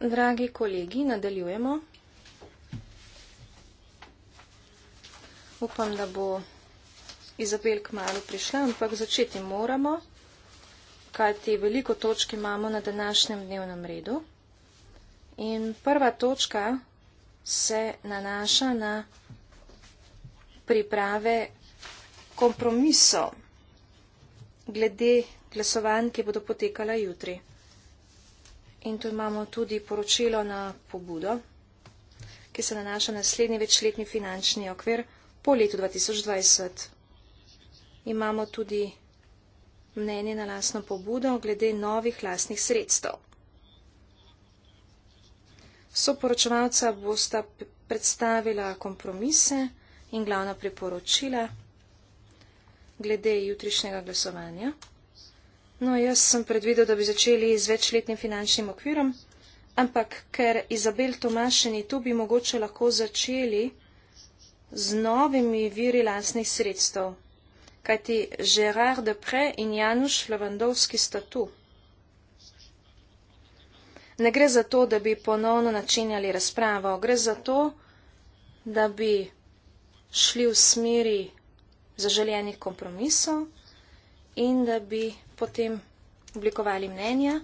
Dragi kolegi, nadaljujemo. Upam, da bo Izabel k malu prišla, ampak začeti moramo, kajti veliko točk imamo na današnjem dnevnem redu. In prva točka se nanaša na priprave kompromisov glede glasovanj, ki bodo potekala jutri. In tu imamo tudi poročilo na pobudo, ki se nanaša na naslednji večletni finančni okvir po letu 2020. Imamo tudi mnenje na lasno pobudo glede novih lasnih sredstev. Soporočevalca bosta predstavila kompromise in glavna priporočila glede jutrišnjega glasovanja. No, jaz sem predvidel, da bi začeli z večletnim finančnim okvirom, ampak ker Izabel Tomašeni tu bi mogoče lahko začeli z novimi viri lasnih sredstev, kajti Gerard de Pre in Januš Levandovski statu. Ne gre za to, da bi ponovno načinjali razpravo, gre za to, da bi šli v smeri zaželjenih kompromisov in da bi potem oblikovali mnenja.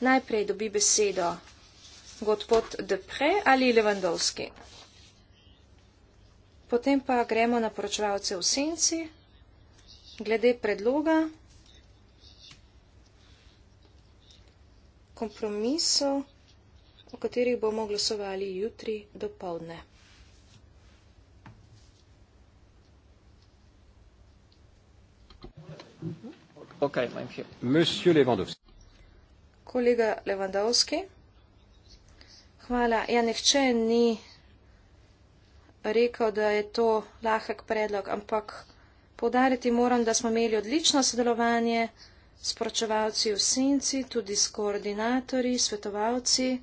Najprej dobi besedo gospod Depre ali Levandovski. Potem pa gremo na poročevalce v senci. Glede predloga kompromisov, o katerih bomo glasovali jutri do povdne. Okay, I'm here. Monsieur Lewandowski. Kolega Lewandowski. Hvala. Ja, nihče ni rekel, da je to lahek predlog, ampak povdariti moram, da smo imeli odlično sodelovanje s pročevalci v Sinci, tudi s koordinatorji, svetovalci.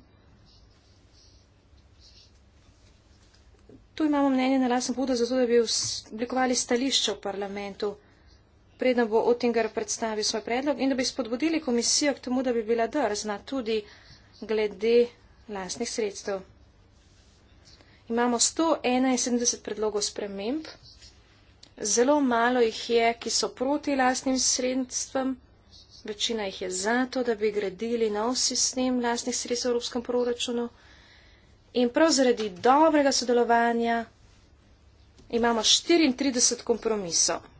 Tu imamo mnenje na lasen pudo, zato da bi oblikovali stališče v parlamentu preden bo Otinger predstavil svoj predlog in da bi spodbudili komisijo k temu, da bi bila drzna tudi glede lastnih sredstev. Imamo 171 predlogov sprememb, zelo malo jih je, ki so proti lastnim sredstvom, večina jih je zato, da bi gradili nov sistem lastnih sredstev v Evropskem proračunu in prav zaradi dobrega sodelovanja imamo 34 kompromisov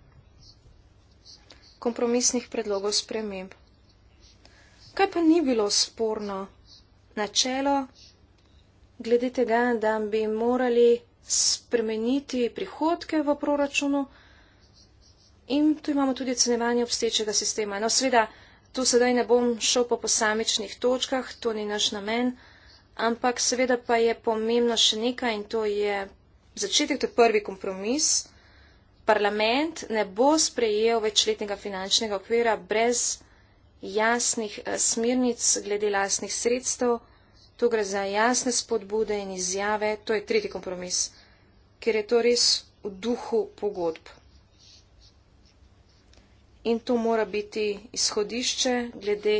kompromisnih predlogov sprememb. Kaj pa ni bilo sporno načelo, glede tega, da bi morali spremeniti prihodke v proračunu in tu imamo tudi ocenevanje obstečega sistema. No, sveda, tu sedaj ne bom šel po posamičnih točkah, to ni naš namen, ampak seveda pa je pomembno še nekaj in to je začetek, to je prvi kompromis parlament ne bo sprejel večletnega finančnega okvira brez jasnih eh, smernic glede lastnih sredstev. Tu gre za jasne spodbude in izjave. To je tretji kompromis, ker je to res v duhu pogodb. In to mora biti izhodišče glede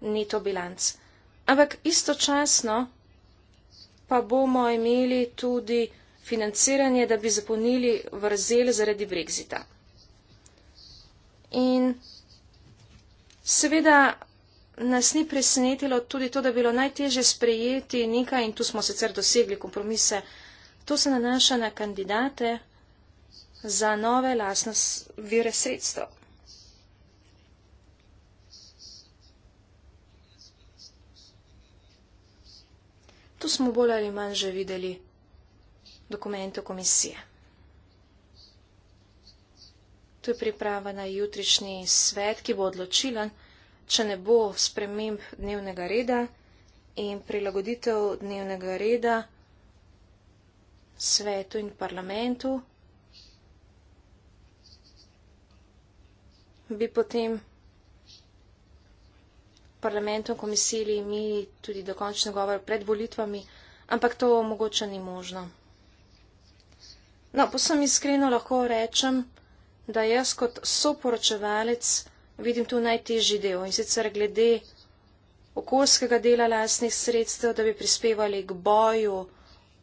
neto bilanc. Ampak istočasno pa bomo imeli tudi financiranje, da bi zapolnili vrzel zaradi brexita. In seveda nas ni presenetilo tudi to, da je bilo najteže sprejeti nekaj in tu smo sicer dosegli kompromise. To se nanaša na kandidate za nove lasne vire sredstev. Tu smo bolj ali manj že videli dokumentov komisije. To je priprava na jutrišnji svet, ki bo odločilen, če ne bo sprememb dnevnega reda in prilagoditev dnevnega reda svetu in parlamentu. Bi potem parlamentom komisili mi tudi dokončni govor pred volitvami, ampak to mogoče ni možno. No, pa sem iskreno lahko rečem, da jaz kot soporočevalec vidim tu najtežji del in sicer glede okoljskega dela lasnih sredstev, da bi prispevali k boju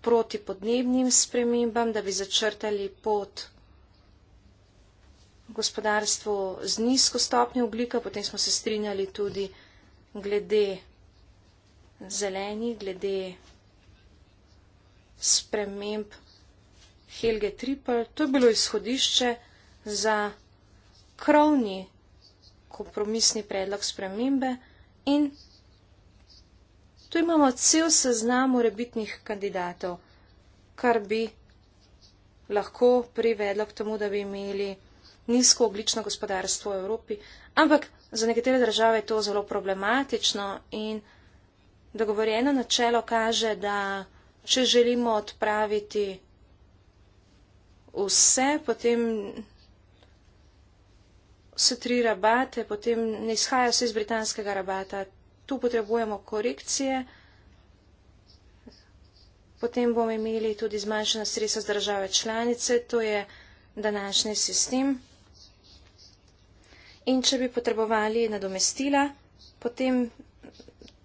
proti podnebnim spremembam, da bi začrtali pot gospodarstvu z nizko stopnjo oblika, potem smo se strinjali tudi glede zelenih, glede sprememb Helge Trippel, to je bilo izhodišče za krovni kompromisni predlog spremembe in tu imamo cel seznam urebitnih kandidatov, kar bi lahko privedlo k temu, da bi imeli nizko oglično gospodarstvo v Evropi, ampak za nekatere države je to zelo problematično in dogovorjeno načelo kaže, da če želimo odpraviti vse, potem se tri rabate, potem ne izhaja vse iz britanskega rabata. Tu potrebujemo korekcije, potem bomo imeli tudi zmanjšana sredstva z države članice, to je današnji sistem. In če bi potrebovali nadomestila, potem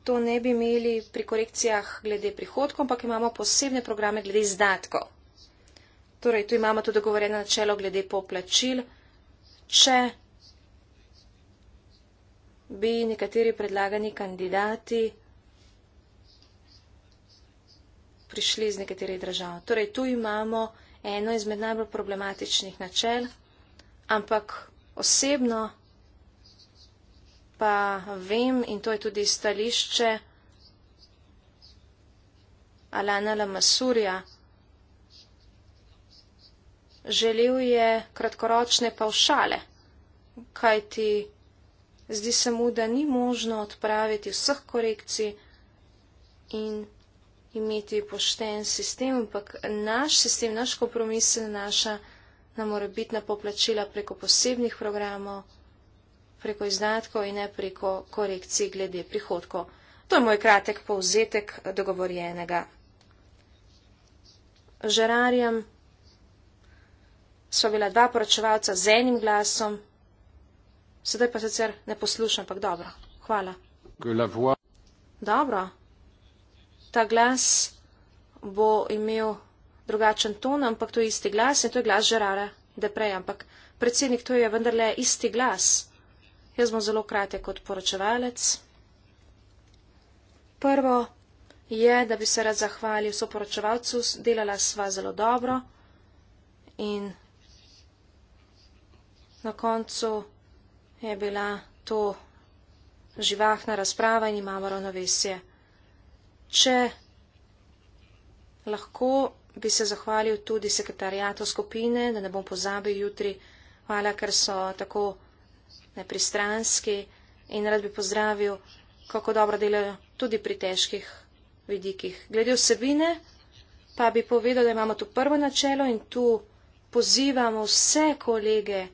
to ne bi imeli pri korekcijah glede prihodkov, ampak imamo posebne programe glede izdatkov. Torej, tu imamo tudi dogovorjeno načelo glede poplačil. Če bi nekateri predlagani kandidati prišli iz nekaterih držav. Torej, tu imamo eno izmed najbolj problematičnih načel, ampak osebno pa vem, in to je tudi stališče Alana Lamasurja, želel je kratkoročne pavšale, kajti zdi se mu, da ni možno odpraviti vseh korekcij in imeti pošten sistem, ampak naš sistem, naš kompromis se nanaša na morebitna poplačila preko posebnih programov, preko izdatkov in ne preko korekcij glede prihodkov. To je moj kratek povzetek dogovorjenega. Žerarjem so bila dva poročevalca z enim glasom, sedaj pa sicer ne poslušam, ampak dobro, hvala. Dobro, ta glas bo imel drugačen ton, ampak to je isti glas in to je glas Žerara Depreja, ampak predsednik, to je vendarle isti glas. Jaz bom zelo kratek kot poročevalec. Prvo je, da bi se rad zahvalil soporočevalcu, delala sva zelo dobro in na koncu je bila to živahna razprava in imamo ravnovesje. Če lahko bi se zahvalil tudi sekretarijato skupine, da ne bom pozabil jutri, hvala, ker so tako nepristranski in rad bi pozdravil, kako dobro delajo tudi pri težkih vidikih. Glede vsebine pa bi povedal, da imamo tu prvo načelo in tu pozivamo vse kolege,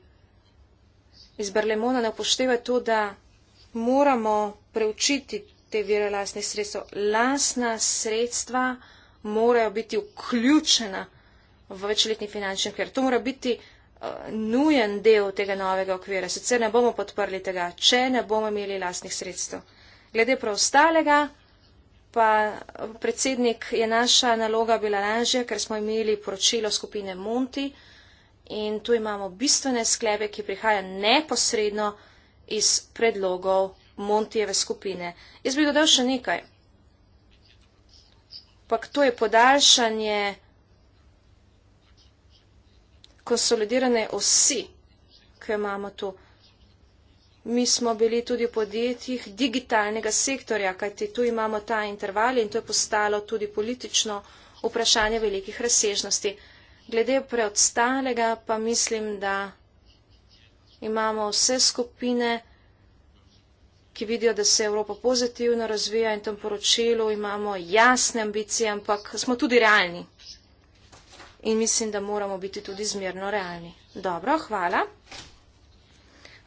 iz Berlemona ne upošteva to, da moramo preučiti te vire lasnih sredstev. Lasna sredstva morajo biti vključena v večletni finančni okvir. To mora biti uh, nujen del tega novega okvira. Sicer ne bomo podprli tega, če ne bomo imeli lasnih sredstev. Glede preostalega, pa eh, predsednik je naša naloga bila lažja, ker smo imeli poročilo skupine Monti, uh, in tu imamo bistvene sklepe, ki prihaja neposredno iz predlogov Montijeve skupine. Jaz bi dodal še nekaj. Pak to je podaljšanje konsolidirane osi, ki imamo tu. Mi smo bili tudi v podjetjih digitalnega sektorja, kajti tu imamo ta interval in to je postalo tudi politično vprašanje velikih razsežnosti. Glede preostalega pa mislim, da imamo vse skupine, ki vidijo, da se Evropa pozitivno razvija in tem poročilu imamo jasne ambicije, ampak smo tudi realni. In mislim, da moramo biti tudi zmerno realni. Dobro, hvala.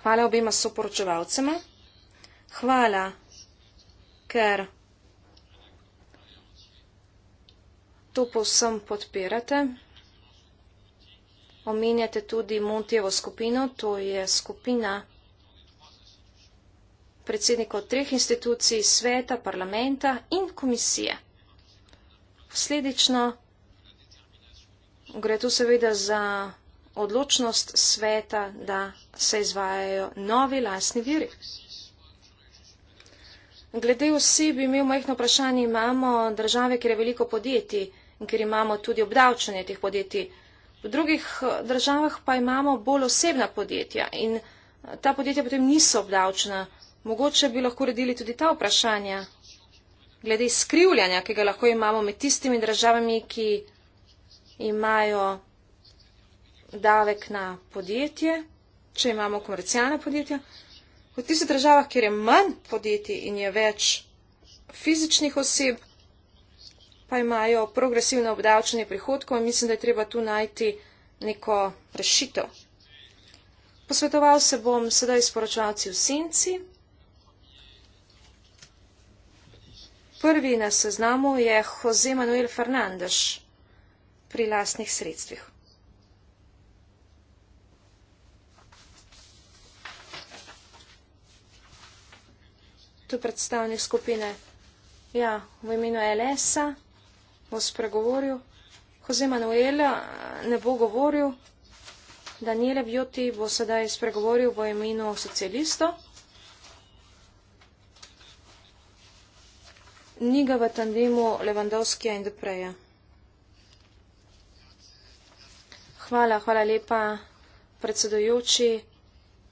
Hvala obima soporočevalcema. Hvala, ker to posem podpirate omenjate tudi Montijevo skupino, to je skupina predsednikov treh institucij, sveta, parlamenta in komisije. Sledično gre tu seveda za odločnost sveta, da se izvajajo novi lasni viri. Glede vseh bi imel majhno vprašanje, imamo države, kjer je veliko podjetij in kjer imamo tudi obdavčanje teh podjetij. V drugih eh, državah pa imamo bolj osebna podjetja in eh, ta podjetja potem niso obdavčena. Mogoče bi lahko redili tudi ta vprašanja glede skrivljanja, ki ga lahko imamo med tistimi državami, ki imajo davek na podjetje, če imamo komercialna podjetja, v tistih državah, kjer je manj podjetij in je več fizičnih oseb pa imajo progresivno obdavčanje prihodkov in mislim, da je treba tu najti neko rešitev. Posvetoval se bom sedaj s poročevalci v senci. Prvi na seznamu je Jose Manuel Fernandez pri lastnih sredstvih. To je predstavnik skupine ja, v imenu LS-a bo spregovoril, Jose Manuela eh, ne bo govoril, Daniele Bjoti bo sedaj spregovoril v imenu socialista. Niga v tandemu Levandovskija in Dupreja. Hvala, hvala lepa, predsedojoči.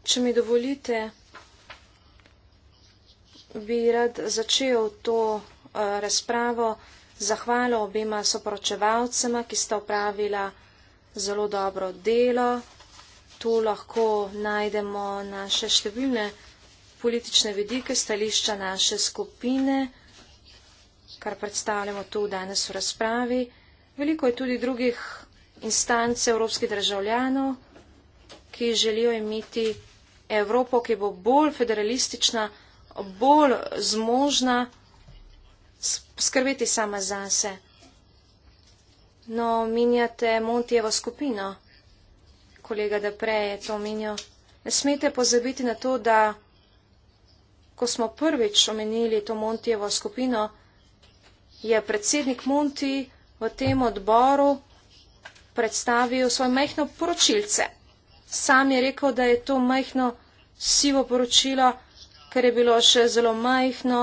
Če mi dovolite, bi rad začel to uh, razpravo zahvalo obema soporočevalcema, ki sta opravila zelo dobro delo. Tu lahko najdemo naše številne politične vidike, stališča naše skupine, kar predstavljamo tu danes v razpravi. Veliko je tudi drugih instance evropskih državljanov, ki želijo imeti Evropo, ki bo bolj federalistična, bolj zmožna skrbeti sama zase. No, minjate Montijevo skupino, kolega da prej je to minjo. Ne smete pozabiti na to, da ko smo prvič omenili to Montijevo skupino, je predsednik Monti v tem odboru predstavil svoje majhno poročilce. Sam je rekel, da je to majhno sivo poročilo, ker je bilo še zelo majhno,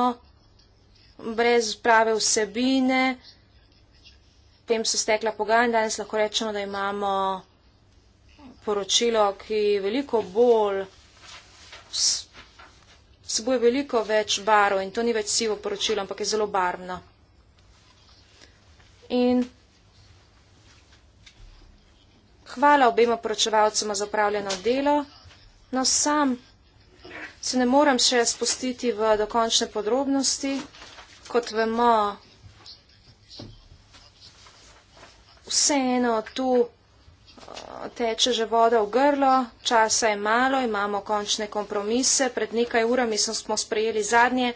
brez prave vsebine. Tem so stekla pogajanja. Danes lahko rečemo, da imamo poročilo, ki veliko bolj vsebuje veliko več barov in to ni več sivo poročilo, ampak je zelo barvno. In hvala obema poročevalcema za upravljeno delo. No, sam se ne morem še spustiti v dokončne podrobnosti kot vemo, vseeno tu uh, teče že voda v grlo, časa je malo, imamo končne kompromise, pred nekaj urami smo sprejeli zadnje,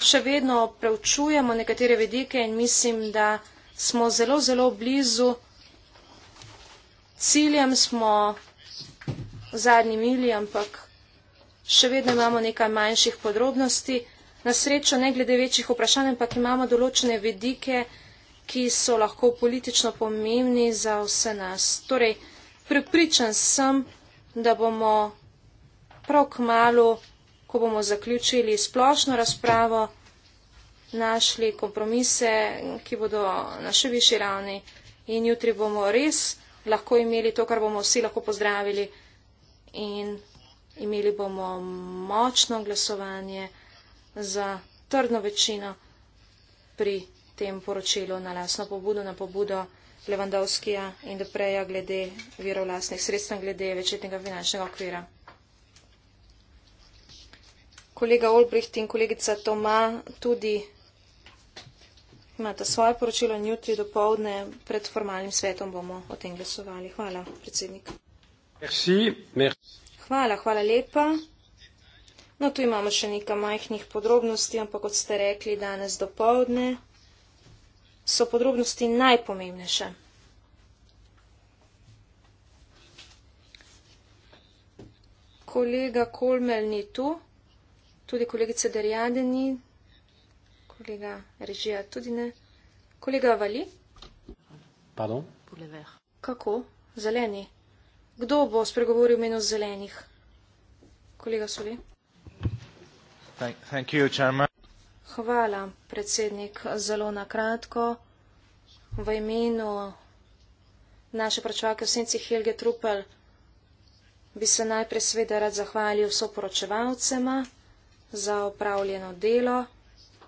še vedno preučujemo nekatere vedike in mislim, da smo zelo, zelo blizu, ciljem smo zadnji mili, ampak še vedno imamo nekaj manjših podrobnosti na srečo ne glede večjih vprašanj, ampak imamo določene vedike, ki so lahko politično pomembni za vse nas. Torej, prepričan sem, da bomo prav k malu, ko bomo zaključili splošno razpravo, našli kompromise, ki bodo na še višji ravni in jutri bomo res lahko imeli to, kar bomo vsi lahko pozdravili in imeli bomo močno glasovanje za trdno večino pri tem poročilu na lasno pobudo, na pobudo Levandovskija in Depreja glede virov vlastnih sredstev, glede večetnega finančnega okvira. Kolega Olbricht in kolegica Toma tudi imate svoje poročilo in jutri do povdne pred formalnim svetom bomo o tem glasovali. Hvala, predsednik. Merci, merci. Hvala, hvala lepa. No, tu imamo še nekaj majhnih podrobnosti, ampak kot ste rekli danes do povdne, so podrobnosti najpomembnejše. Kolega Kolmel ni tu, tudi kolegica Derjade ni, kolega Režija tudi ne. Kolega Vali? Pardon? Kako? Zeleni? Kdo bo spregovoril meni o zelenih? Kolega Soli? Thank you, Hvala, predsednik. Zelo na kratko. V imenu naše pračevalke v senci Helge Trupel bi se najprej sveda rad zahvalil soporočevalcema za opravljeno delo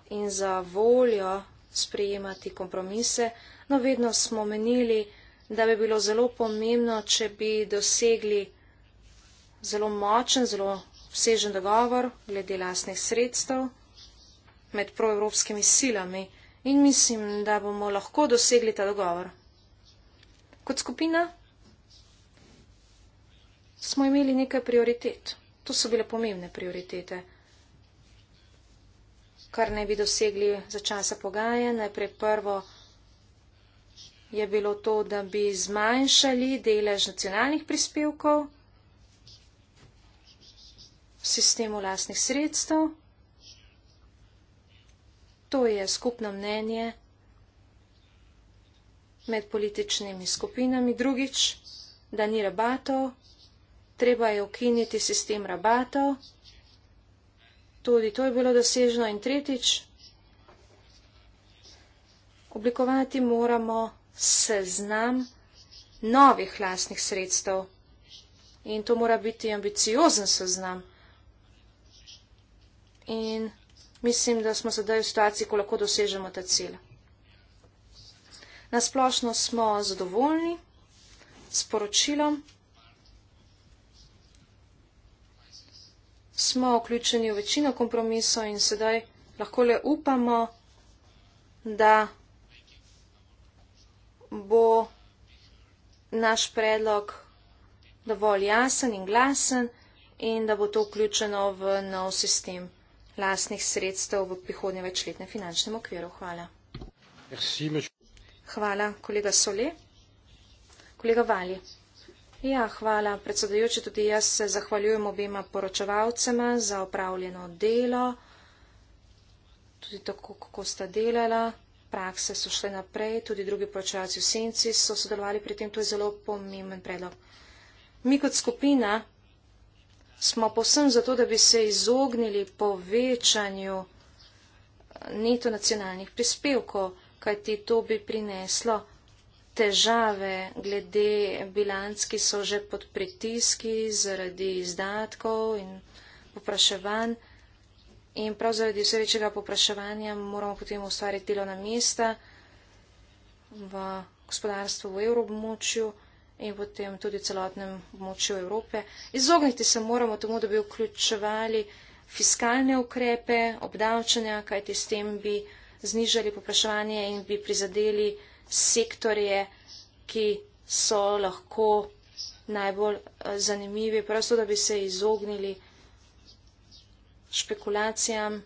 in za voljo sprejemati kompromise, no vedno smo menili, da bi bilo zelo pomembno, če bi dosegli zelo močen, zelo obsežen dogovor glede lasnih sredstev med proevropskimi silami in mislim, da bomo lahko dosegli ta dogovor. Kot skupina smo imeli nekaj prioritet. To so bile pomembne prioritete, kar ne bi dosegli za časa pogajanja. Najprej prvo je bilo to, da bi zmanjšali delež nacionalnih prispevkov sistemu lastnih sredstev. To je skupno mnenje med političnimi skupinami. Drugič, da ni rabatov, treba je ukiniti sistem rabatov. Tudi to je bilo doseženo. In tretjič, oblikovati moramo seznam novih lastnih sredstev. In to mora biti ambiciozen seznam in mislim, da smo sedaj v situaciji, ko lahko dosežemo ta cilj. Nasplošno smo zadovoljni s poročilom, smo vključeni v večino kompromisov in sedaj lahko le upamo, da bo naš predlog dovolj jasen in glasen in da bo to vključeno v nov sistem lastnih sredstev v prihodnje večletne finančnem okviru. Hvala. Hvala, kolega Soli. Kolega Vali. Ja, hvala, predsedujoči. Tudi jaz se zahvaljujem obema poročevalcema za opravljeno delo. Tudi tako, kako sta delala, prakse so šle naprej, tudi drugi poročevalci v senci so sodelovali pri tem. To je zelo pomemben predlog. Mi kot skupina smo posem zato, da bi se izognili povečanju neto nacionalnih prispevkov, kajti to bi prineslo težave glede bilanc, ki so že pod pritiski zaradi izdatkov in popraševanj. In prav zaradi vse večjega popraševanja moramo potem ustvariti delovna mesta v gospodarstvu v evroobmočju in potem tudi v celotnem območju Evrope. Izogniti se moramo temu, da bi vključevali fiskalne ukrepe, obdavčanja, kajti s tem bi znižali popraševanje in bi prizadeli sektorje, ki so lahko najbolj eh, zanimivi, prosto, da bi se izognili špekulacijam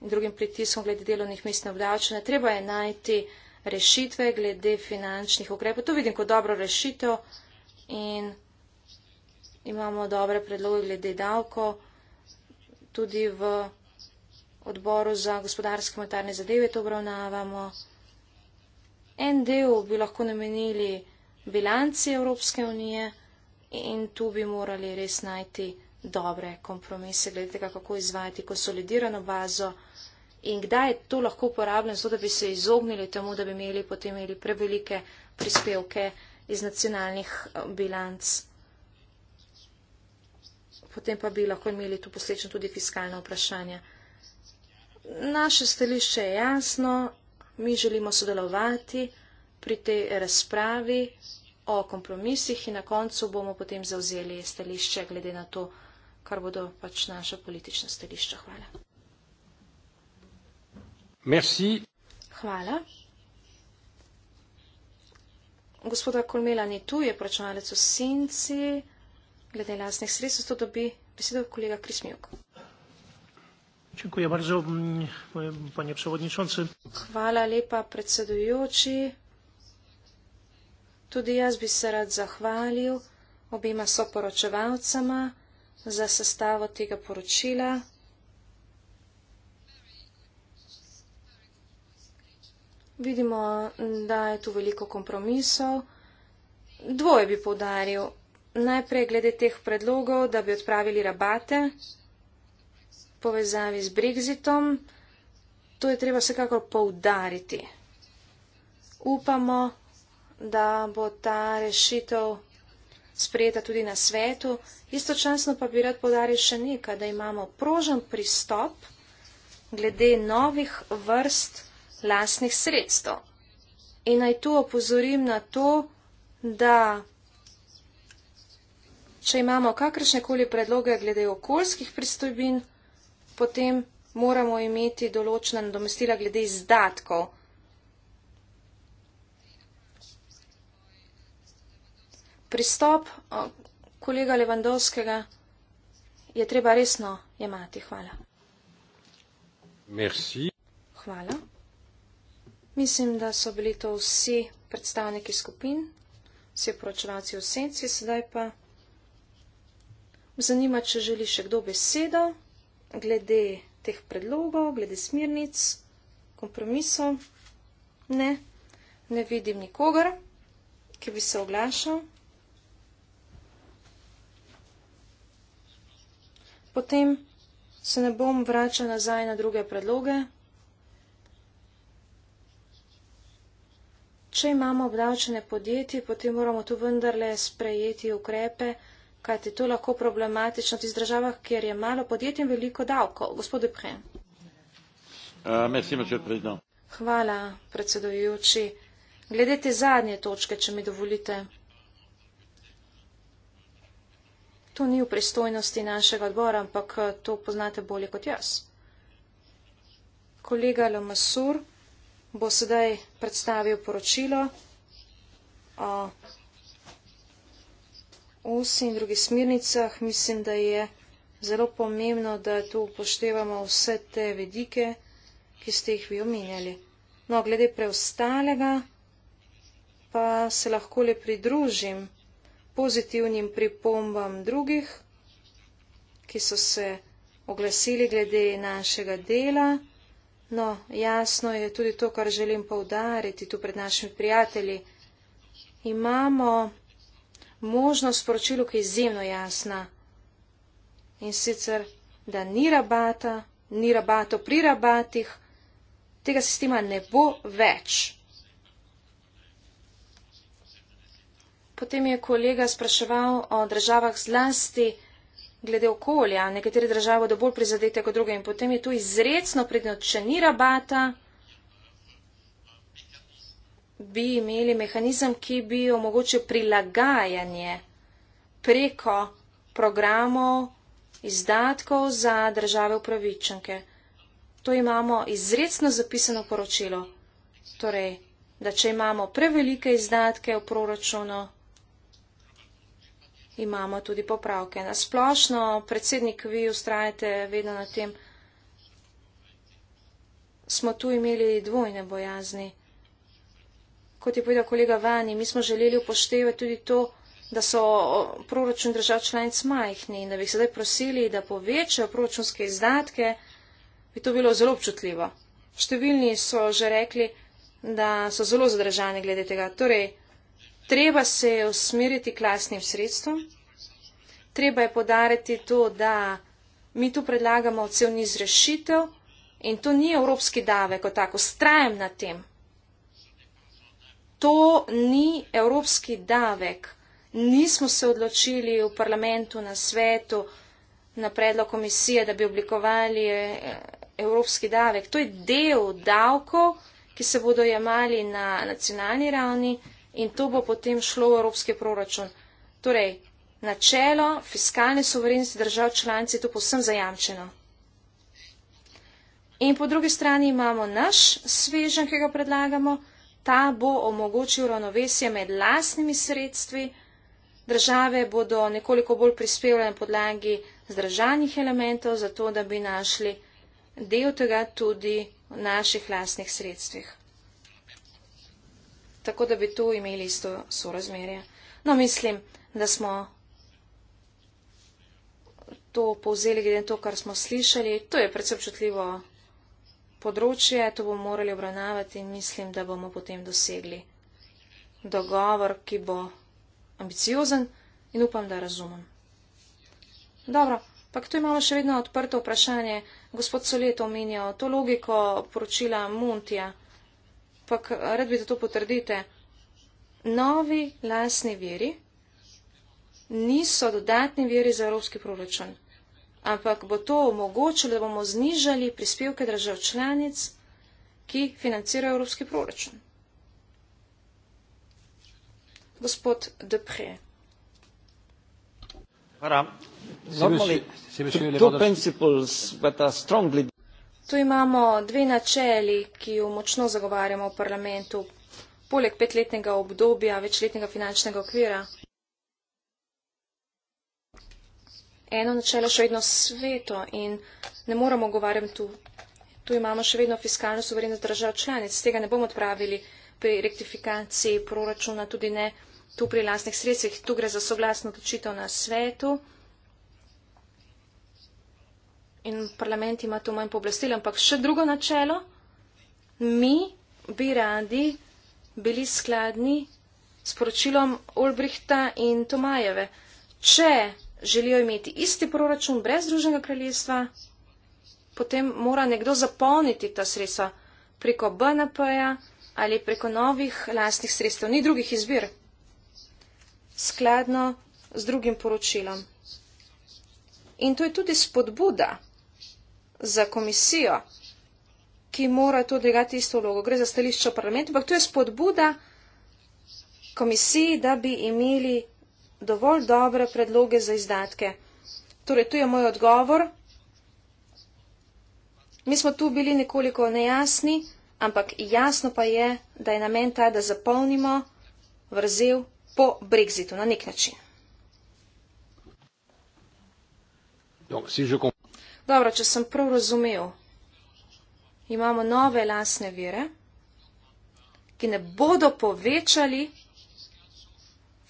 in drugim pritiskom glede delovnih mest na obdavčanje. Treba je najti rešitve glede finančnih ukrepov. To vidim kot dobro rešitev in imamo dobre predloge glede davko. Tudi v odboru za gospodarske monetarne zadeve to obravnavamo. En del bi lahko namenili bilanci Evropske unije in tu bi morali res najti dobre kompromise glede tega, kako izvajati konsolidirano bazo in kdaj je to lahko uporabljeno, zato da bi se izognili temu, da bi imeli potem imeli prevelike prispevke iz nacionalnih eh, bilanc. Potem pa bi lahko imeli tu posledično tudi fiskalno vprašanje. Naše stališče je jasno, mi želimo sodelovati pri tej razpravi o kompromisih in na koncu bomo potem zauzeli stališče glede na to, kar bodo pač naša politična stališča. Hvala. Merci. Hvala. Gospoda Kolmela ni tu, je poračunalec v Sinci. Glede lasnih sredstv, to dobi besedo kolega Krismjuk. Hvala lepa, predsedujoči. Tudi jaz bi se rad zahvalil obima soporočevalcema za sestavo tega poročila. Vidimo, da je tu veliko kompromisov. Dvoje bi povdaril. Najprej glede teh predlogov, da bi odpravili rabate povezavi z Brexitom. To je treba vsekakor povdariti. Upamo, da bo ta rešitev sprejeta tudi na svetu. Istočasno pa bi rad podaril še nekaj, da imamo prožen pristop glede novih vrst lastnih sredstev. In naj tu opozorim na to, da če imamo kakršne koli predloge glede okoljskih pristojbin, potem moramo imeti določena nadomestila glede izdatkov. Pristop kolega Levandovskega je treba resno jemati. Hvala. Merci. Hvala. Mislim, da so bili to vsi predstavniki skupin, vsi poročevalci v senci, sedaj pa. Zanima, če želi še kdo besedo glede teh predlogov, glede smirnic, kompromisov. Ne, ne vidim nikogar, ki bi se oglašal. Potem se ne bom vračal nazaj na druge predloge, Če imamo obdavčene podjetje, potem moramo tu vendarle sprejeti ukrepe, kajti to lahko problematično tudi z državah, kjer je malo podjetij in veliko davkov. Gospod Depren. Uh, Hvala, predsedujoči. Glede te zadnje točke, če mi dovolite. To ni v pristojnosti našega odbora, ampak to poznate bolje kot jaz. Kolega Lomasur bo sedaj predstavil poročilo o usi in drugih smirnicah. Mislim, da je zelo pomembno, da tu upoštevamo vse te vedike, ki ste jih vi omenjali. No, glede preostalega pa se lahko le pridružim pozitivnim pripombam drugih, ki so se oglasili glede našega dela. No, jasno je tudi to, kar želim povdariti tu pred našimi prijatelji. Imamo možnost sporočilu, ki je izjemno jasna. In sicer, da ni rabata, ni rabato pri rabatih, tega sistema ne bo več. Potem je kolega spraševal o državah zlasti, glede okolja. Nekatere države bodo bolj prizadete kot druge in potem je tu izredno prednost, če ni rabata, bi imeli mehanizem, ki bi omogočil prilagajanje preko programov izdatkov za države upravičenke. To imamo izredno zapisano poročilo. Torej, da če imamo prevelike izdatke v proračunu, imamo tudi popravke. Na splošno, predsednik, vi ustrajate vedno na tem, smo tu imeli dvojne bojazni. Kot je povedal kolega Vani, mi smo želeli upoštevati tudi to, da so proračun držav članic majhni in da bi sedaj prosili, da povečajo proračunske izdatke, bi to bilo zelo občutljivo. Številni so že rekli, da so zelo zadržani glede tega. Torej, Treba se je usmeriti k lasnim sredstvom, treba je podariti to, da mi tu predlagamo cel niz rešitev in to ni evropski davek, kot tako strajem na tem. To ni evropski davek. Nismo se odločili v parlamentu, na svetu, na predlog komisije, da bi oblikovali eh, evropski davek. To je del davkov, ki se bodo jemali na nacionalni ravni in to bo potem šlo v evropski proračun. Torej, načelo fiskalne soverenosti držav članice je to posem zajamčeno. In po drugi strani imamo naš svežen, ki ga predlagamo, ta bo omogočil ravnovesje med lasnimi sredstvi, države bodo nekoliko bolj prispevali na podlagi zdržanih elementov, zato da bi našli del tega tudi v naših lasnih sredstvih tako da bi tu imeli isto sorazmerje. No, mislim, da smo to povzeli, glede na to, kar smo slišali. To je predvsem občutljivo področje, to bomo morali obravnavati in mislim, da bomo potem dosegli dogovor, ki bo ambiciozen in upam, da razumem. Dobro, pa tu imamo še vedno odprto vprašanje. Gospod Solet omenjal to logiko poročila Muntija ampak rad bi, da to potrdite. Novi lasni veri niso dodatni veri za evropski proračun, ampak bo to omogočilo, da bomo znižali prispevke držav članic, ki financirajo evropski proračun. Gospod Depre. Hvala. Normally, two principles that are strongly Tu imamo dve načeli, ki jo močno zagovarjamo v parlamentu, poleg petletnega obdobja večletnega finančnega okvira. Eno načelo še vedno sveto in ne moramo govarjati tu. Tu imamo še vedno fiskalno suverenost držav članic. Tega ne bomo odpravili pri rektifikaciji proračuna, tudi ne tu pri lastnih sredstvih. Tu gre za soglasno odločitev na svetu in parlament ima tu manj pooblastil, ampak še drugo načelo, mi bi radi bili skladni s poročilom Ulbrichta in Tomajeve. Če želijo imeti isti proračun brez Združenega kraljestva, potem mora nekdo zapolniti ta sredstva preko BNP-ja ali preko novih lastnih sredstev. Ni drugih izbir. Skladno z drugim poročilom. In to je tudi spodbuda za komisijo, ki mora to odigrati isto vlogo. Gre za stališče v parlamentu, ampak to je spodbuda komisiji, da bi imeli dovolj dobre predloge za izdatke. Torej, tu je moj odgovor. Mi smo tu bili nekoliko nejasni, ampak jasno pa je, da je namen ta, da zapolnimo vrzel po Brexitu na nek način. No, Dobro, če sem prav razumel, imamo nove lasne vire, ki ne bodo povečali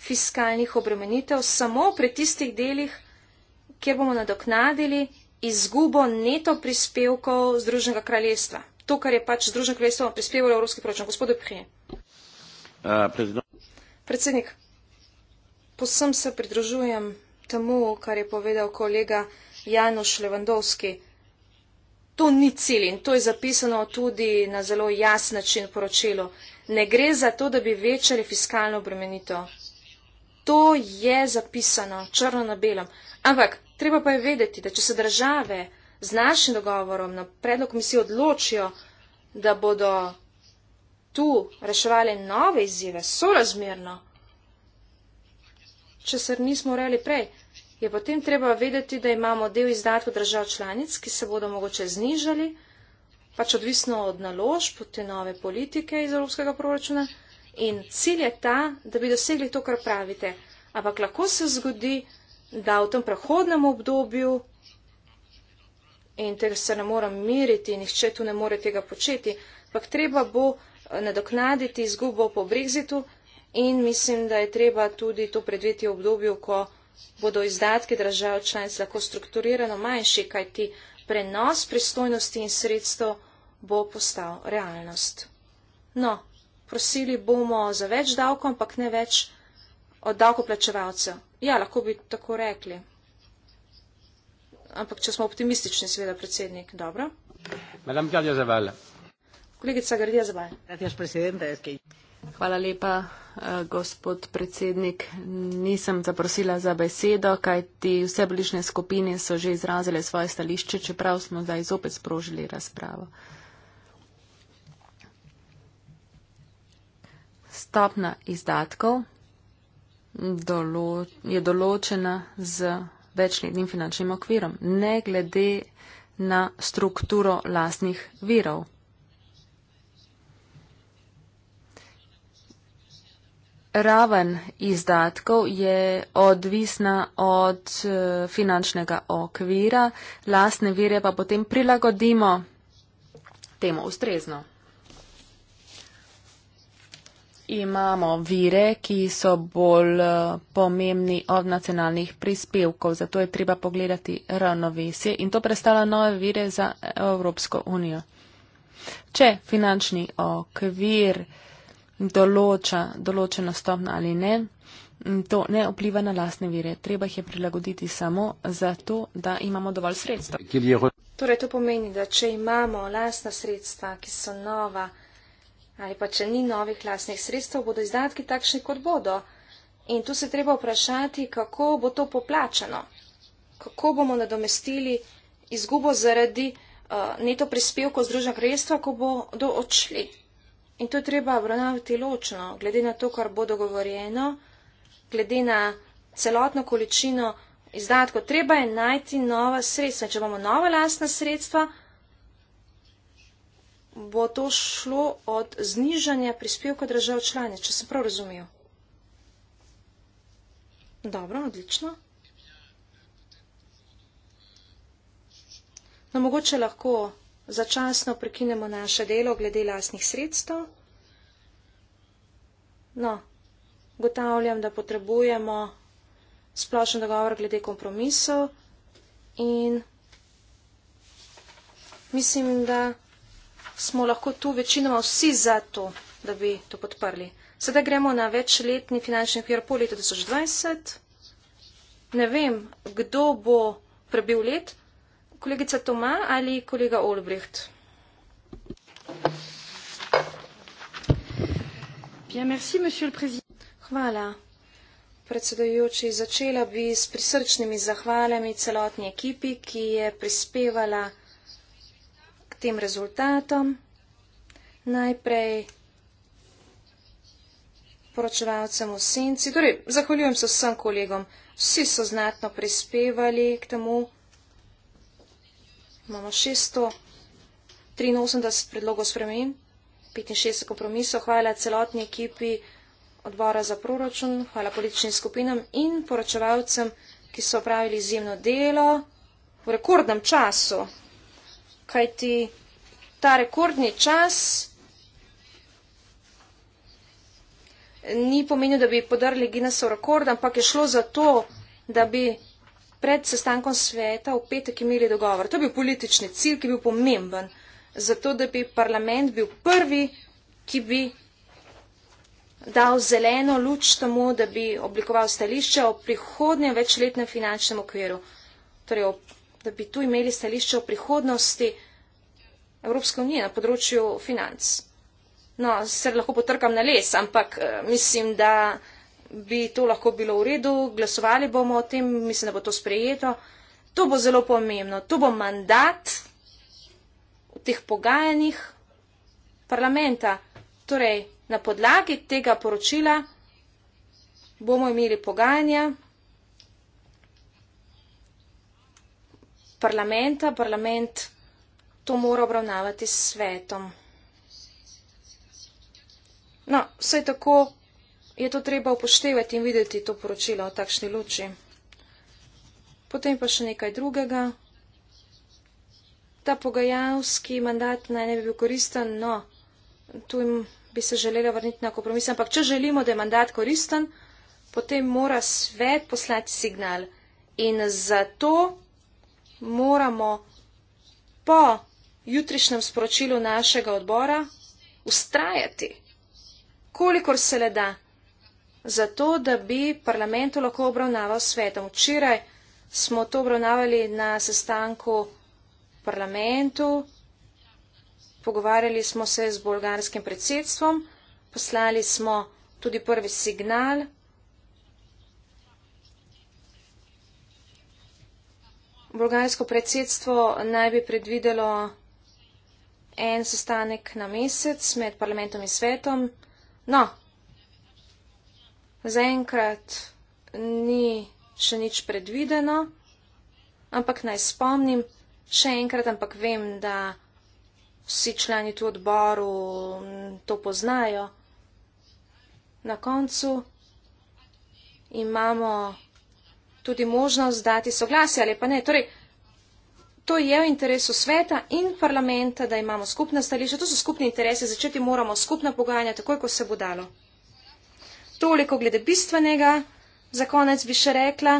fiskalnih obremenitev samo pri tistih delih, kjer bomo nadoknadili izgubo neto prispevkov Združenega kraljestva. To, kar je pač Združeno kraljestvo prispevalo v Evropski proračun. Gospod Prije. Uh, Predsednik, posem se pridružujem temu, kar je povedal kolega. Janoš Levandovski. To ni cilj in to je zapisano tudi na zelo jas način poročilo. Ne gre za to, da bi večali fiskalno obremenito. To je zapisano črno na belem. Ampak treba pa je vedeti, da če se države z našim dogovorom na predlog komisije odločijo, da bodo tu reševali nove izzive sorazmerno, česar nismo urejali prej, je potem treba vedeti, da imamo del izdatkov držav članic, ki se bodo mogoče znižali, pač odvisno od naložb, od te nove politike iz evropskega proračuna. In cilj je ta, da bi dosegli to, kar pravite. Ampak lahko se zgodi, da v tem prehodnem obdobju, in tega se ne moram miriti, nihče tu ne more tega početi, ampak treba bo nadoknaditi izgubo po Brexitu in mislim, da je treba tudi to predvedeti v obdobju, ko bodo izdatki držav članic lahko strukturirano manjši, kajti prenos pristojnosti in sredstev bo postal realnost. No, prosili bomo za več davkov, ampak ne več od davkoplačevalcev. Ja, lahko bi tako rekli. Ampak, če smo optimistični, seveda, predsednik, dobro. Kolegica Gardija Zabal. Hvala lepa, eh, gospod predsednik. Nisem zaprosila za besedo, kajti vse bližne skupine so že izrazile svoje stališče, čeprav smo zdaj zopet sprožili razpravo. Stopna izdatkov je določena z večletnim finančnim okvirom, ne glede na strukturo lastnih virov. Raven izdatkov je odvisna od eh, finančnega okvira, lastne vire pa potem prilagodimo temu ustrezno. Imamo vire, ki so bolj eh, pomembni od nacionalnih prispevkov, zato je treba pogledati ravnovesje in to predstavlja nove vire za Evropsko unijo. Če finančni okvir določa določena stopna ali ne, to ne vpliva na lastne vire. Treba jih je prilagoditi samo zato, da imamo dovolj sredstva. Torej, to pomeni, da če imamo lastna sredstva, ki so nova, ali pa če ni novih lastnih sredstev, bodo izdatki takšni, kot bodo. In tu se treba vprašati, kako bo to poplačano, kako bomo nadomestili izgubo zaradi uh, neto prispevko Združenega kraljestva, ko bodo odšli. In to treba obravnavati ločno, glede na to, kar bo dogovorjeno, glede na celotno količino izdatkov. Treba je najti nova sredstva. Če bomo nova lastna sredstva, bo to šlo od znižanja prispevka držav članic, če sem prav razumel. Dobro, odlično. No, mogoče lahko začasno prekinemo naše delo glede lasnih sredstev. No, gotavljam, da potrebujemo splošen dogovor glede kompromisov in mislim, da smo lahko tu večinoma vsi za to, da bi to podprli. Sedaj gremo na večletni finančni okvir po letu 2020. Ne vem, kdo bo prebil let. Kolegica Toma ali kolega Olbricht? Hvala. Predsedujoči, začela bi s prisrčnimi zahvalami celotni ekipi, ki je prispevala k tem rezultatom. Najprej poročevalcem v senci, torej zahvaljujem se vsem kolegom, vsi so znatno prispevali k temu, imamo 683 predlogov spremenj, 65 kompromisov. Hvala celotni ekipi odbora za proračun, hvala političnim skupinam in poročevalcem, ki so opravili izjemno delo v rekordnem času. Kaj ti ta rekordni čas? Ni pomenil, da bi podarili Guinnessov rekord, ampak je šlo za to, da bi pred sestankom sveta v petek imeli dogovor. To je bil politični cilj, ki je bil pomemben, zato da bi parlament bil prvi, ki bi dal zeleno luč temu, da bi oblikoval stališče o prihodnem večletnem finančnem okviru. Torej, da bi tu imeli stališče o prihodnosti Evropske unije na področju financ. No, sicer lahko potrkam na les, ampak eh, mislim, da bi to lahko bilo v redu, glasovali bomo o tem, mislim, da bo to sprejeto. To bo zelo pomembno. To bo mandat v teh pogajanjih parlamenta. Torej, na podlagi tega poročila bomo imeli pogajanja parlamenta. Parlament to mora obravnavati s svetom. No, vse tako je to treba upoštevati in videti to poročilo v takšni luči. Potem pa še nekaj drugega. Ta pogajalski mandat naj ne bi bil koristen, no, tu jim bi se želela vrniti na kompromis, ampak če želimo, da je mandat koristen, potem mora svet poslati signal. In zato moramo po jutrišnjem sporočilu našega odbora ustrajati, kolikor se le da, zato, da bi parlamentu lahko obravnaval svetom. Včeraj smo to obravnavali na sestanku parlamentu, pogovarjali smo se z bolgarskim predsedstvom, poslali smo tudi prvi signal. Bolgarsko predsedstvo naj bi predvidelo en sestanek na mesec med parlamentom in svetom. No, Zaenkrat ni še nič predvideno, ampak naj spomnim še enkrat, ampak vem, da vsi člani tu odboru to poznajo. Na koncu imamo tudi možnost dati soglasje ali pa ne. Torej, to je v interesu sveta in parlamenta, da imamo skupna stališča. To so skupni interesi, začeti moramo skupna pogajanja, takoj, ko se bo dalo toliko glede bistvenega, za konec bi še rekla,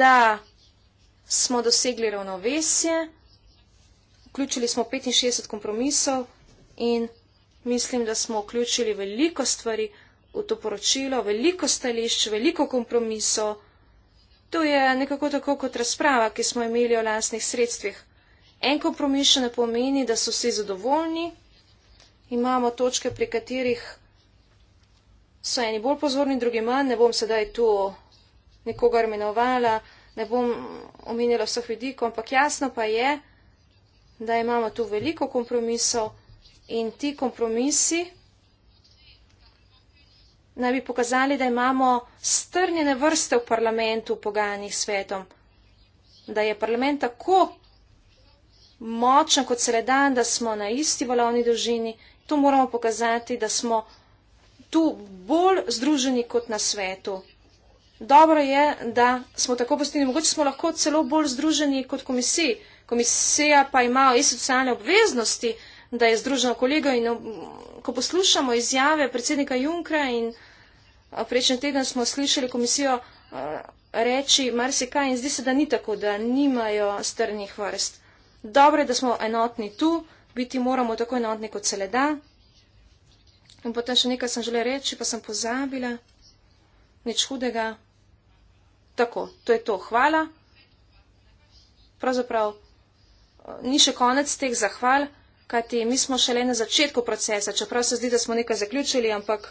da smo dosegli ravnovesje, vključili smo 65 kompromisov in mislim, da smo vključili veliko stvari v to poročilo, veliko stališč, veliko kompromisov. To je nekako tako kot razprava, ki smo imeli o lastnih sredstvih. En kompromis še ne pomeni, da so vsi zadovoljni, imamo točke, pri katerih so eni bolj pozorni, drugi manj. Ne bom sedaj tu nikogar imenovala, ne bom omenjala vseh vidikov, ampak jasno pa je, da imamo tu veliko kompromisov in ti kompromisi naj bi pokazali, da imamo strnjene vrste v parlamentu pogajanih svetom, da je parlament tako močen kot sredan, da smo na isti volovni dolžini. To moramo pokazati, da smo tu bolj združeni kot na svetu. Dobro je, da smo tako postavljeni, mogoče smo lahko celo bolj združeni kot komisija. Komisija pa ima in socialne obveznosti, da je združena kolega in ko poslušamo izjave predsednika Junkra in prejšnji teden smo slišali komisijo reči marsikaj in zdi se, da ni tako, da nimajo strnih vrst. Dobro je, da smo enotni tu, biti moramo tako enotni kot se le da. In potem še nekaj sem želela reči, pa sem pozabila. Nič hudega. Tako, to je to. Hvala. Pravzaprav eh, ni še konec teh zahval, kajti mi smo šele na začetku procesa. Čeprav se zdi, da smo nekaj zaključili, ampak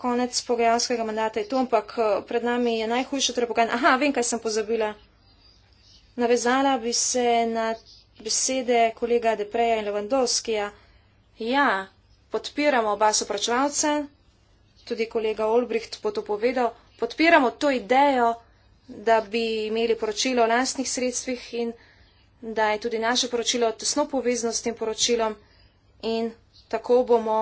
konec pogajalskega mandata je tu, ampak eh, pred nami je najhujše torej pogajanje. Aha, vem, kaj sem pozabila. Navezala bi se na besede kolega Depreja in Levandovskija. Ja, podpiramo oba sopračevalca, tudi kolega Olbricht bo to povedal, podpiramo to idejo, da bi imeli poročilo o lastnih sredstvih in da je tudi naše poročilo tesno povezano s tem poročilom in tako bomo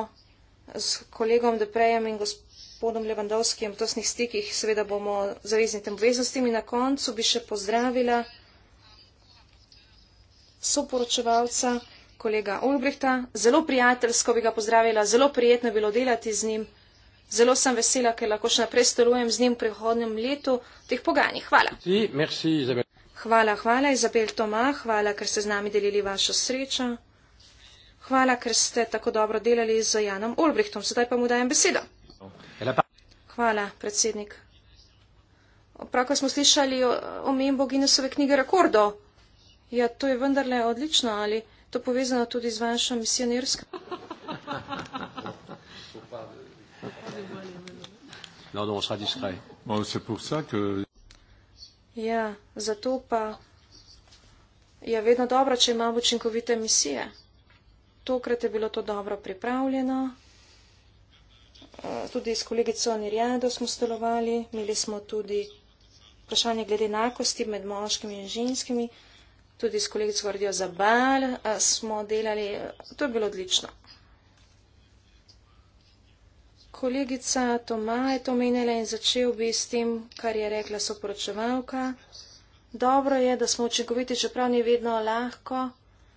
s kolegom Deprejem in gospodom Levandovskim v tesnih stikih, seveda bomo zavezni tem obveznostim in na koncu bi še pozdravila soporočevalca kolega Olbrihta, zelo prijateljsko bi ga pozdravila, zelo prijetno bilo delati z njim. Zelo sem vesela, ker lahko še naprej stolujem z njim v prihodnem letu v teh pogajanjih. Hvala. hvala. Hvala, Izabel Toma, hvala, ker ste z nami delili vašo srečo. Hvala, ker ste tako dobro delali z Janom Olbrihtom. Sedaj pa mu dajem besedo. Hvala, predsednik. Pravko smo slišali o, o membo Guinnessove knjige rekordov. Ja, to je vendarle odlično, ali to povezano tudi z vašo misionirsko. Ja, zato pa je vedno dobro, če imamo učinkovite misije. Tokrat je bilo to dobro pripravljeno. Eh, tudi s kolegico Nirjado smo stolovali, imeli smo tudi vprašanje glede enakosti med moškimi in ženskimi tudi s kolegico Gordijo Zabal eh, smo delali, to je bilo odlično. Kolegica Toma je to menjala in začel bi s tem, kar je rekla soporočevalka. Dobro je, da smo učinkoviti, čeprav ni vedno lahko,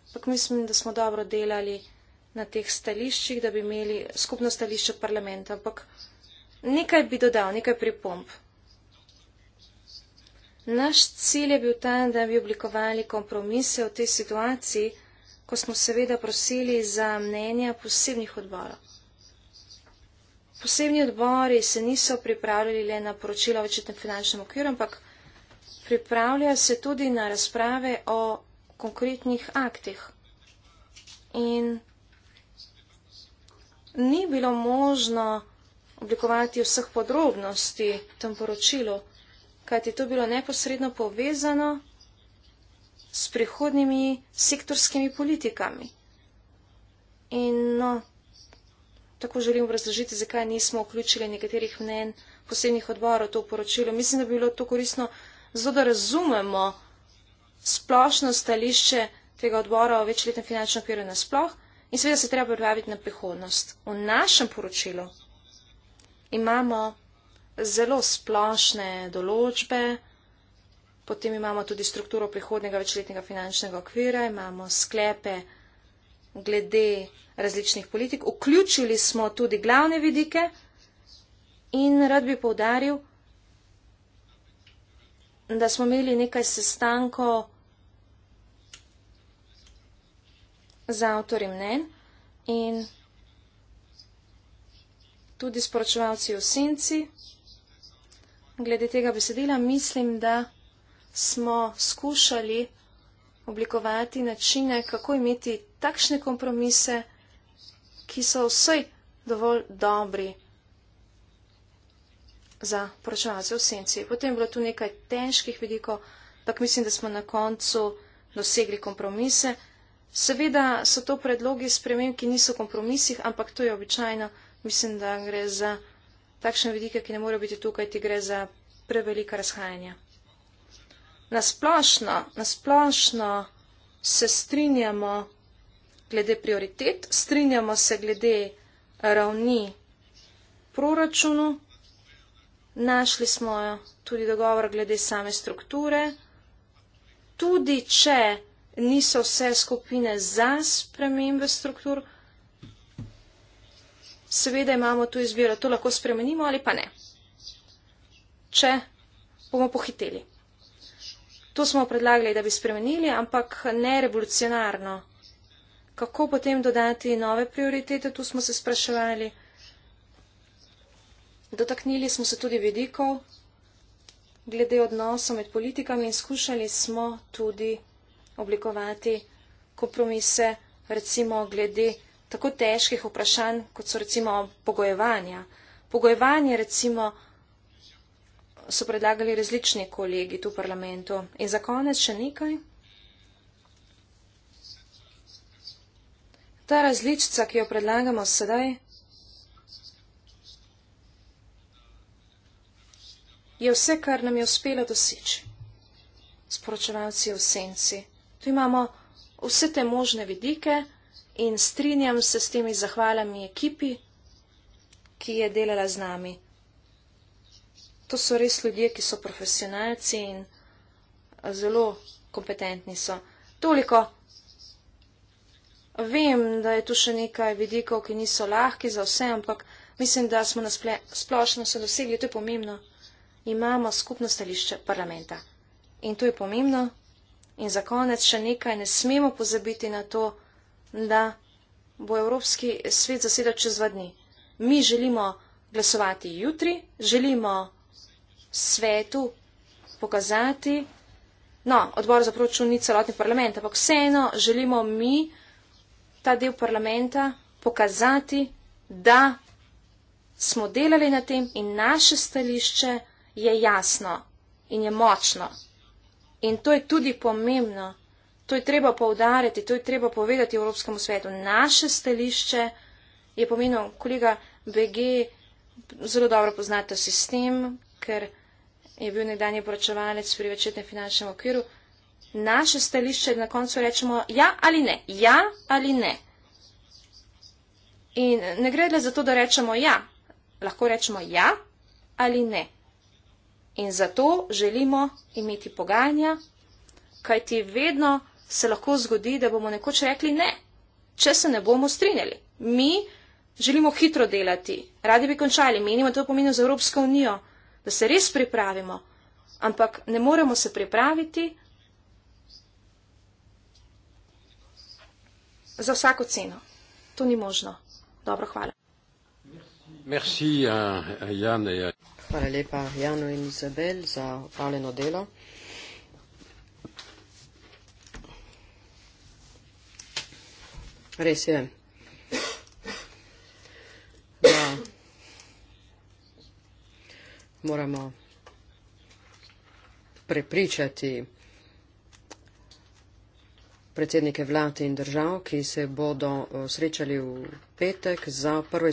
ampak mislim, da smo dobro delali na teh stališčih, da bi imeli skupno stališče parlamenta. Ampak nekaj bi dodal, nekaj pripomp. Naš cilj je bil ta, da bi oblikovali kompromise v tej situaciji, ko smo seveda prosili za mnenja posebnih odborov. Posebni odbori se niso pripravljali le na poročila o očetnem finančnem okviru, ampak pripravljajo se tudi na razprave o konkretnih aktih. In ni bilo možno oblikovati vseh podrobnosti tem poročilu kajti to bilo neposredno povezano s prihodnimi sektorskimi politikami. In no, tako želim razložiti, zakaj nismo vključili nekaterih mnen posebnih odborov to poročilo. Mislim, da bi bilo to koristno zelo, da razumemo splošno stališče tega odbora o večletnem finančnem okviru nasploh in seveda se treba pripraviti na prihodnost. V našem poročilu imamo zelo splošne določbe. Potem imamo tudi strukturo prihodnega večletnega finančnega okvira, imamo sklepe glede različnih politik. Vključili smo tudi glavne vidike in rad bi povdaril, da smo imeli nekaj sestankov z avtorjem mnen in tudi sporočevalci v senci glede tega besedila, mislim, da smo skušali oblikovati načine, kako imeti takšne kompromise, ki so vsej dovolj dobri za poročevalce v senci. Potem je bilo tu nekaj težkih vidikov, ampak mislim, da smo na koncu dosegli kompromise. Seveda so to predlogi sprememb, ki niso kompromisih, ampak to je običajno. Mislim, da gre za takšne vidike, ki ne morejo biti tukaj, ti gre za prevelika razhajanja. Nasplošno, nasplošno se strinjamo glede prioritet, strinjamo se glede ravni proračunu, našli smo tudi dogovor glede same strukture, tudi če niso vse skupine za spremembe struktur, seveda imamo tu izbiro, to lahko spremenimo ali pa ne. Če bomo pohiteli. To smo predlagali, da bi spremenili, ampak ne revolucionarno. Kako potem dodati nove prioritete, tu smo se spraševali. Dotaknili smo se tudi vedikov glede odnosov med politikami in skušali smo tudi oblikovati kompromise, recimo glede tako težkih vprašanj, kot so recimo pogojevanja. Pogojevanje recimo so predlagali različni kolegi tu v parlamentu. In za konec še nekaj. Ta različica, ki jo predlagamo sedaj, je vse, kar nam je uspelo doseči. Sporočevalci v senci. Tu imamo vse te možne vidike, in strinjam se s temi zahvalami ekipi, ki je delala z nami. To so res ljudje, ki so profesionalci in zelo kompetentni so. Toliko. Vem, da je tu še nekaj vidikov, ki niso lahki za vse, ampak mislim, da smo na splošno se dosegli, to je pomembno. Imamo skupno stališče parlamenta. In to je pomembno. In za konec še nekaj, ne smemo pozabiti na to, da bo Evropski svet zasedal čez dva dni. Mi želimo glasovati jutri, želimo svetu pokazati, no, odbor za proračun ni celotni parlament, ampak vseeno želimo mi ta del parlamenta pokazati, da smo delali na tem in naše stališče je jasno in je močno. In to je tudi pomembno to je treba povdariti, to je treba povedati Evropskemu svetu. Naše stališče je pomenil kolega BG, zelo dobro poznate sistem, ker je bil nekdanje poračevalec pri večetnem finančnem okviru. Naše stališče je, da na koncu rečemo ja ali ne, ja ali ne. In ne gre le za to, da rečemo ja, lahko rečemo ja ali ne. In zato želimo imeti pogajanja, kajti vedno se lahko zgodi, da bomo nekoč rekli ne, če se ne bomo strinjali. Mi želimo hitro delati, radi bi končali, menimo to pomeni za Evropsko unijo, da se res pripravimo, ampak ne moremo se pripraviti za vsako ceno. To ni možno. Dobro, hvala. Merci, uh, Jan, ja. Hvala lepa Janu in Izabel za upaljeno delo. Res je. Da. Moramo prepričati predsednike vlad in držav, ki se bodo eh, srečali v petek za prvo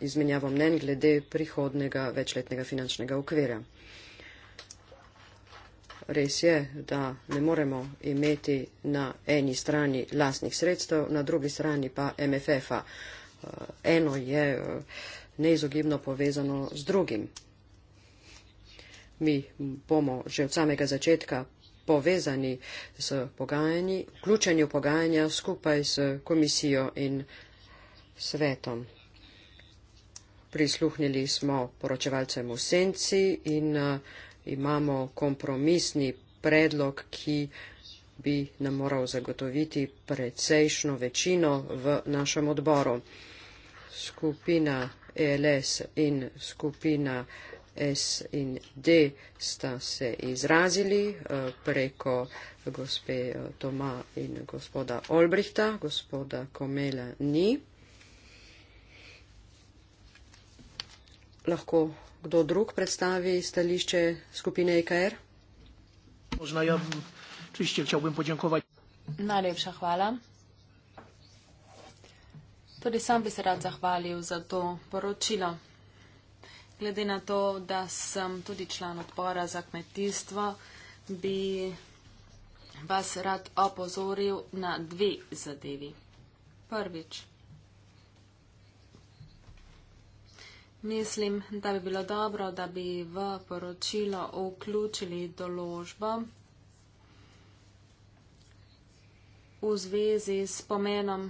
izmenjavo mnen glede prihodnega večletnega finančnega okvira res je, da ne moremo imeti na eni strani lastnih sredstev, na drugi strani pa MFF-a. Eh, eno je eh, neizogibno povezano z drugim. Mi bomo že od samega začetka povezani s pogajanji, vključeni v pogajanja skupaj s komisijo in svetom. Prisluhnili smo poročevalcem v senci in uh, imamo kompromisni predlog, ki bi nam moral zagotoviti precejšno večino v našem odboru. Skupina ELS in skupina S in D sta se izrazili eh, preko gospe eh, Toma in gospoda Olbrihta, gospoda Komela ni. Lahko kdo drug predstavi stališče skupine IKR? E Možno, ja, čistil, če bom podjankovati. Najlepša hvala. Tudi sam bi se rad zahvalil za to poročilo. Glede na to, da sem tudi član odpora za kmetijstvo, bi vas rad opozoril na dve zadevi. Prvič. Mislim, da bi bilo dobro, da bi v poročilo vključili doložbo v zvezi s pomenom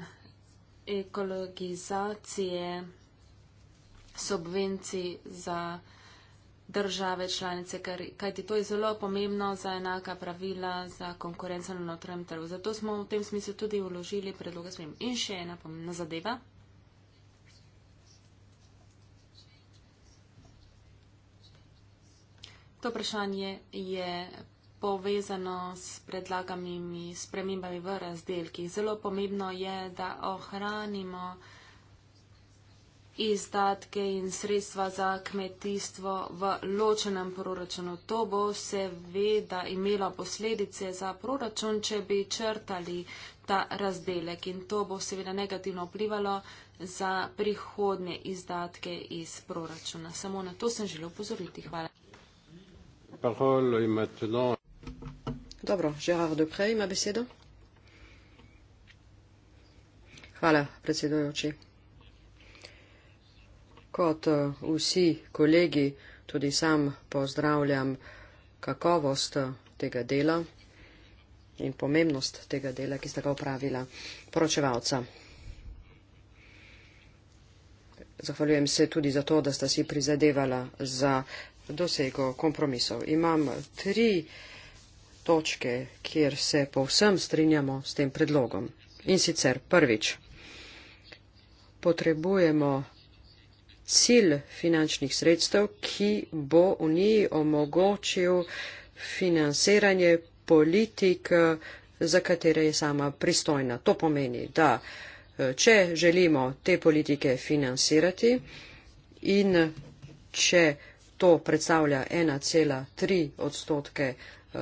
ekologizacije subvencij za države članice, ker, kajti to je zelo pomembno za enaka pravila, za konkurenco na notranjem trgu. Zato smo v tem smislu tudi uložili predloga s tem. In še ena pomembna zadeva. To vprašanje je povezano s predlaganimi spremembami v razdelkih. Zelo pomembno je, da ohranimo izdatke in sredstva za kmetijstvo v ločenem proračunu. To bo seveda imelo posledice za proračun, če bi črtali ta razdelek in to bo seveda negativno vplivalo za prihodne izdatke iz proračuna. Samo na to sem želel upozoriti. Hvala parole est maintenant. Dobro, Gérard Depré, ma besedo. Hvala, predsedujoči. Kot eh, vsi kolegi, tudi sam pozdravljam kakovost eh, tega dela in pomembnost tega dela, ki ste ga upravila poročevalca. Zahvaljujem se tudi za to, da ste si prizadevala za dosegel kompromisov. Imam tri točke, kjer se povsem strinjamo s tem predlogom. In sicer prvič, potrebujemo cilj finančnih sredstev, ki bo v njih omogočil financiranje politik, za katere je sama pristojna. To pomeni, da če želimo te politike financirati in če to predstavlja 1,3 odstotke uh,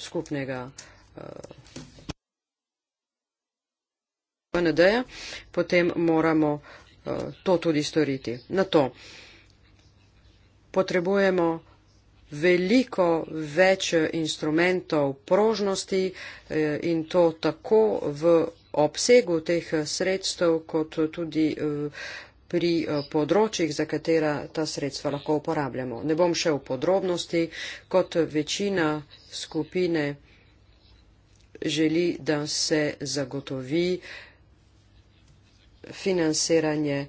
skupnega uh, eh, BND-ja, potem moramo uh, to tudi storiti. Na to potrebujemo veliko več instrumentov prožnosti uh, in to tako v obsegu teh sredstev, kot tudi uh, pri eh, področjih, za katera ta sredstva lahko uporabljamo. Ne bom šel v podrobnosti, kot večina skupine želi, da se zagotovi financiranje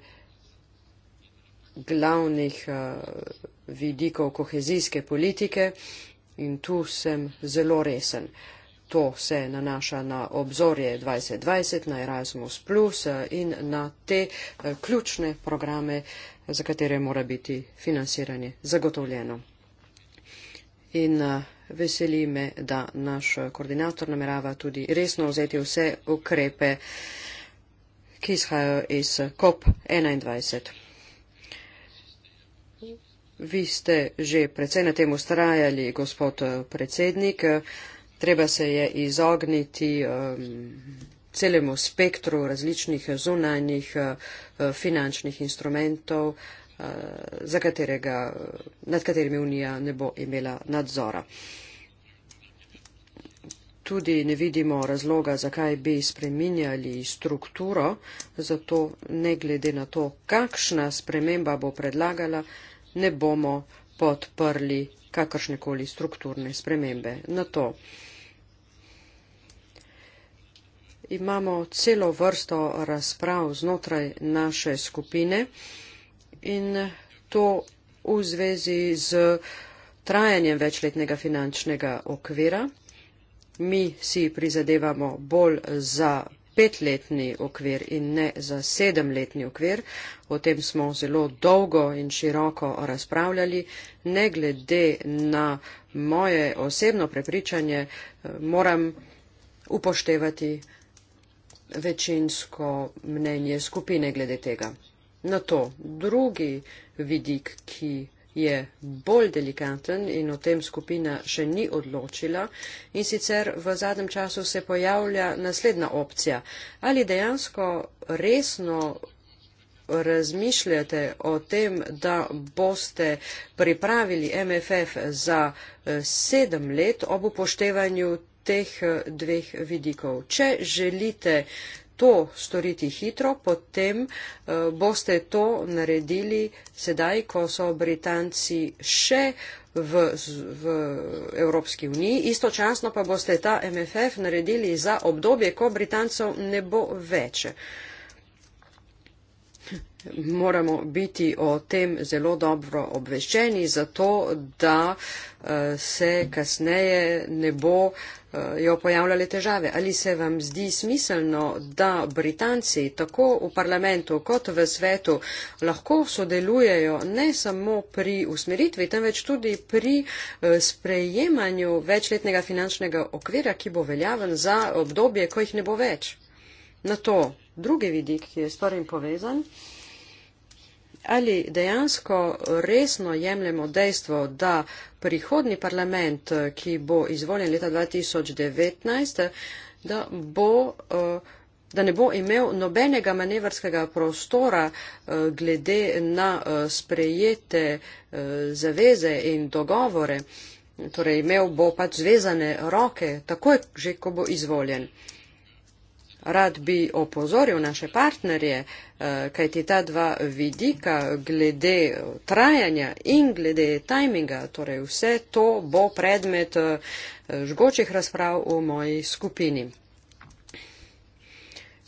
glavnih eh, vidikov kohezijske politike in tu sem zelo resen. To se nanaša na obzorje 2020, na Erasmus Plus eh, in na te eh, ključne programe, za katere mora biti financiranje zagotovljeno. In eh, veseli me, da naš koordinator namerava tudi resno vzeti vse ukrepe, ki izhajajo iz COP21. Vi ste že precej na tem ustrajali, gospod predsednik treba se je izogniti um, celemu spektru različnih zunanjih uh, finančnih instrumentov, uh, katerega, nad katerimi Unija ne bo imela nadzora. Tudi ne vidimo razloga, zakaj bi spreminjali strukturo, zato ne glede na to, kakšna sprememba bo predlagala, ne bomo podprli kakršnekoli strukturne spremembe. Na to imamo celo vrsto razprav znotraj naše skupine in to v zvezi z trajanjem večletnega finančnega okvira. Mi si prizadevamo bolj za petletni okvir in ne za sedemletni okvir. O tem smo zelo dolgo in široko razpravljali. Ne glede na moje osebno prepričanje, eh, moram upoštevati večinsko mnenje skupine glede tega. Na to drugi vidik, ki je bolj delikaten in o tem skupina še ni odločila. In sicer v zadnjem času se pojavlja naslednja opcija. Ali dejansko resno razmišljate o tem, da boste pripravili MFF za eh, sedem let ob upoštevanju teh eh, dveh vidikov. Če želite to storiti hitro, potem uh, boste to naredili sedaj, ko so Britanci še v, v Evropski uniji. Istočasno pa boste ta MFF naredili za obdobje, ko Britancev ne bo več. Uh, moramo biti o tem zelo dobro obveščeni, zato da eh, se kasneje ne bo eh, jo pojavljale težave. Ali se vam zdi smiselno, da Britanci tako v parlamentu kot v svetu lahko sodelujejo ne samo pri usmeritvi, temveč tudi pri eh, sprejemanju večletnega finančnega okvira, ki bo veljaven za obdobje, ko jih ne bo več? Na to drugi vidik, ki je s torim povezan ali dejansko resno jemljemo dejstvo, da prihodni parlament, ki bo izvoljen leta 2019, da, bo, eh, da ne bo imel nobenega manevrskega prostora eh, glede na eh, sprejete zaveze in dogovore. Torej, imel bo pač zvezane roke, takoj, že ko bo izvoljen rad bi opozoril naše partnerje, eh, kajti ta dva vidika glede trajanja in glede tajminga, torej vse to bo predmet eh, žgočih razprav v moji skupini.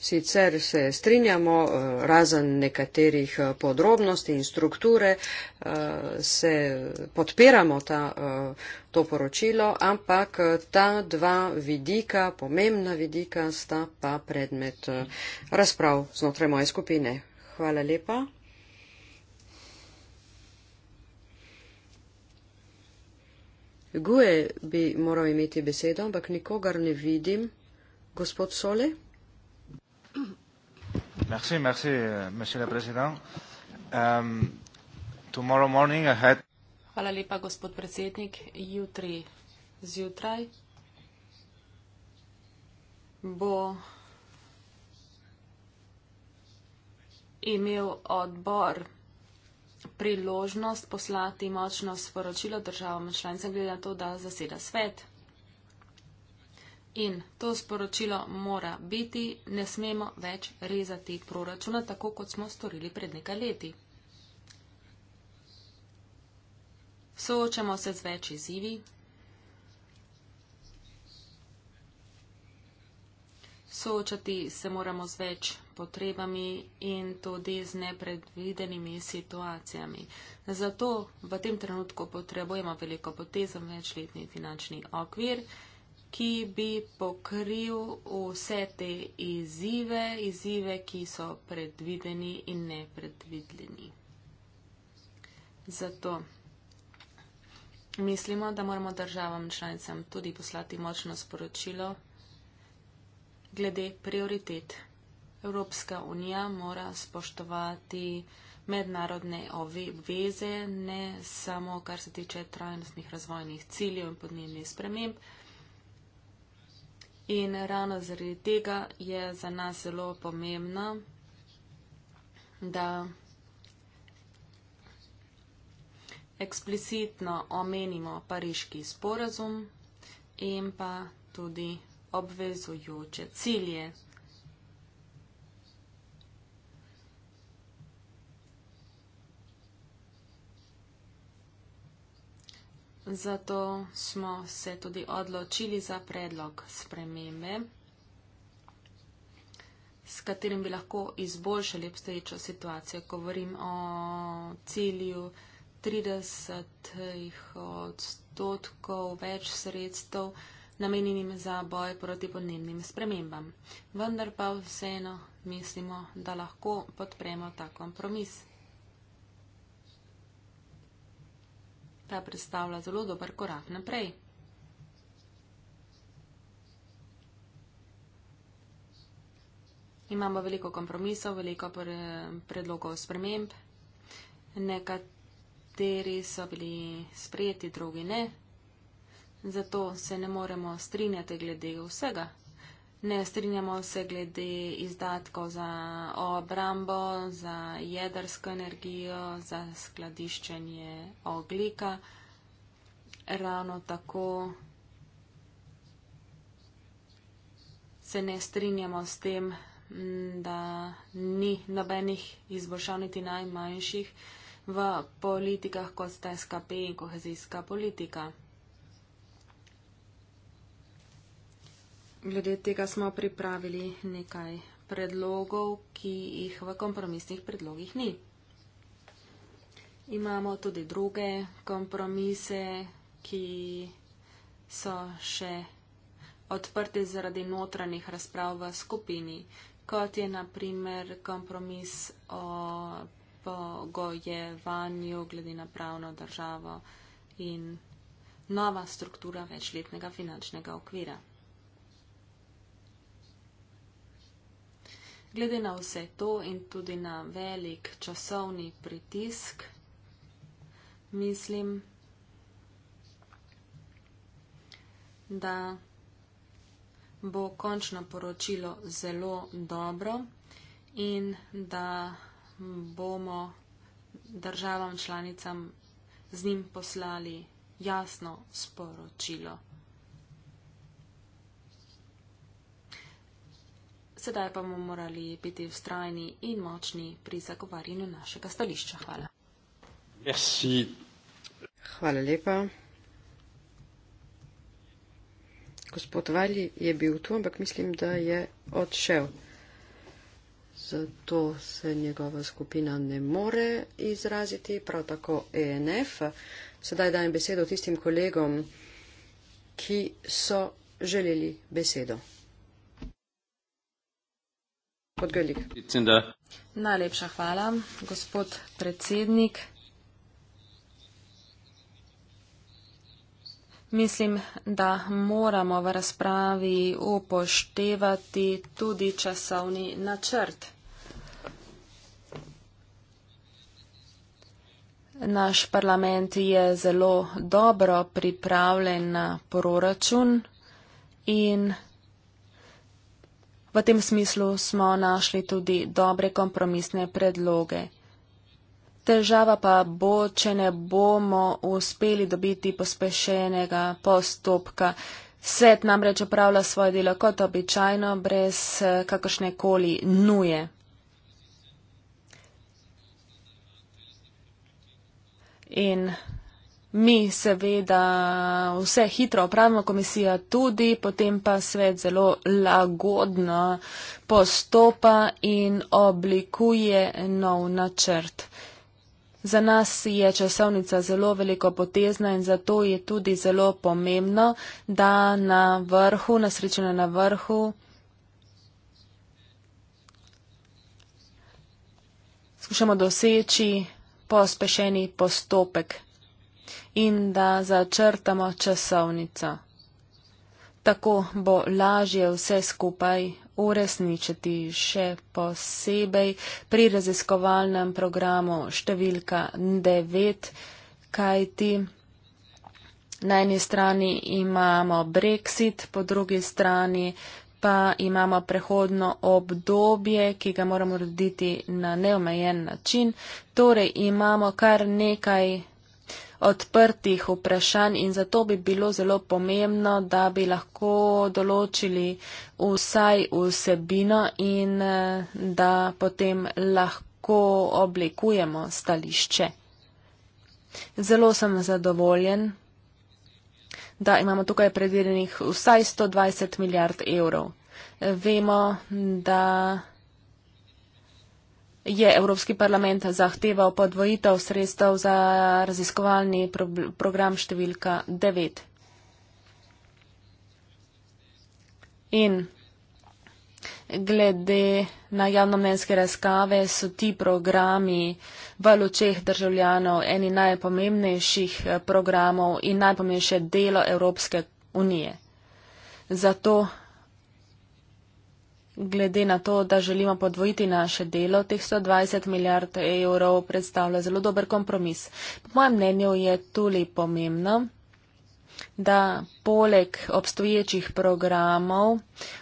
Sicer se strinjamo, eh, razen nekaterih eh, podrobnosti in strukture, eh, se podpiramo ta, to poročilo, ampak ta dva vidika, pomembna vidika, sta pa predmet razprav znotraj moje skupine. Hvala lepa. Guje bi moral imeti besedo, ampak nikogar ne vidim. Gospod Sole? Merci, merci, euh, monsieur le président. Um, tomorrow morning I had... Hvala lepa, gospod predsednik. Jutri zjutraj bo imel odbor priložnost poslati močno sporočilo državam članicam glede na to, da zaseda svet. In to sporočilo mora biti, ne smemo več rezati proračuna, tako kot smo storili pred nekaj leti. Soočamo se z več izzivi. Soočati se moramo z več potrebami in tudi z nepredvidenimi situacijami. Zato v tem trenutku potrebujemo veliko potezo, večletni finančni okvir ki bi pokril vse te izzive, izzive, ki so predvideni in nepredvideni. Zato mislimo, da moramo državam članicam tudi poslati močno sporočilo glede prioritet. Evropska unija mora spoštovati mednarodne obveze, ne samo kar se tiče trajnostnih razvojnih ciljev in podnebnih sprememb, In ravno zaradi tega je za nas zelo pomembno, da eksplicitno omenimo pariški sporazum in pa tudi obvezujoče cilje zato smo se tudi odločili za predlog spremembe, s katerim bi lahko izboljšali obstoječo situacijo. Govorim o cilju 30 odstotkov več sredstev namenjenim za boj proti podnebnim spremembam. Vendar pa vseeno mislimo, da lahko podpremo ta kompromis. Ta predstavlja zelo dober korak naprej. Imamo veliko kompromisov, veliko predlogov sprememb. Nekateri so bili sprejeti, drugi ne. Zato se ne moremo strinjati glede vsega. Ne strinjamo se glede izdatkov za obrambo, za jedrsko energijo, za skladiščenje oglika. Ravno tako se ne strinjamo s tem, da ni nobenih izboljšav niti najmanjših v politikah kot sta SKP in kohezijska politika. glede tega smo pripravili nekaj predlogov, ki jih v kompromisnih predlogih ni. Imamo tudi druge kompromise, ki so še odprte zaradi notranjih razprav v skupini, kot je naprimer kompromis o pogojevanju glede na pravno državo in nova struktura večletnega finančnega okvira. glede na vse to in tudi na velik časovni pritisk, mislim, da bo končno poročilo zelo dobro in da bomo državam članicam z njim poslali jasno sporočilo. sedaj pa bomo morali biti vztrajni in močni pri zagovarjanju našega stališča. Hvala. Merci. Hvala lepa. Gospod Vali je bil tu, ampak mislim, da je odšel. Zato se njegova skupina ne more izraziti, prav tako ENF. Sedaj dajem besedo tistim kolegom, ki so želeli besedo. Podgalik. Najlepša hvala, gospod predsednik. Mislim, da moramo v razpravi upoštevati tudi časovni načrt. Naš parlament je zelo dobro pripravljen na proračun in V tem smislu smo našli tudi dobre kompromisne predloge. Težava pa bo, če ne bomo uspeli dobiti pospešenega postopka. Svet namreč opravlja svoje delo kot običajno, brez eh, kakršne koli nuje. In Mi seveda vse hitro opravimo, komisija tudi, potem pa svet zelo lagodno postopa in oblikuje nov načrt. Za nas je časovnica zelo veliko potezna in zato je tudi zelo pomembno, da na vrhu, na srečanju na vrhu, skušamo doseči pospešeni postopek in da začrtamo časovnico. Tako bo lažje vse skupaj uresničiti še posebej pri raziskovalnem programu številka 9, kajti na eni strani imamo Brexit, po drugi strani pa imamo prehodno obdobje, ki ga moramo urediti na neomejen način. Torej imamo kar nekaj odprtih vprašanj in zato bi bilo zelo pomembno, da bi lahko določili vsaj vsebino in eh, da potem lahko oblikujemo stališče. Zelo sem zadovoljen, da imamo tukaj predvidenih vsaj 120 milijard evrov. Vemo, da je Evropski parlament zahteval podvojitev sredstev za raziskovalni pro program številka 9. In glede na javnomnenjske razkave so ti programi v lučeh državljanov eni najpomembnejših eh, programov in najpomembnejše delo Evropske unije. Zato glede na to, da želimo podvojiti naše delo, teh 120 milijard evrov predstavlja zelo dober kompromis. Po mojem mnenju je tudi pomembno, da poleg obstoječih programov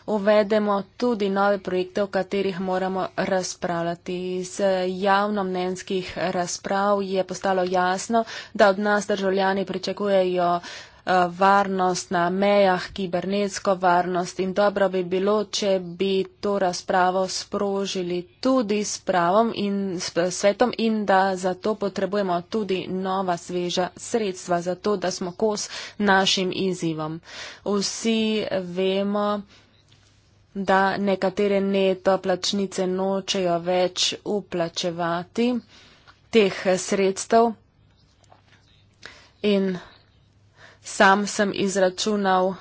uvedemo tudi nove projekte, o katerih moramo razpravljati. Iz javnomnenskih razprav je postalo jasno, da od nas državljani pričakujejo Eh, varnost na mejah, kibernetsko varnost in dobro bi bilo, če bi to razpravo sprožili tudi s pravom in s svetom in da za to potrebujemo tudi nova sveža sredstva, zato da smo kos našim izzivom. Vsi vemo, da nekatere neto plačnice nočejo več uplačevati teh sredstev in sam sem izračunal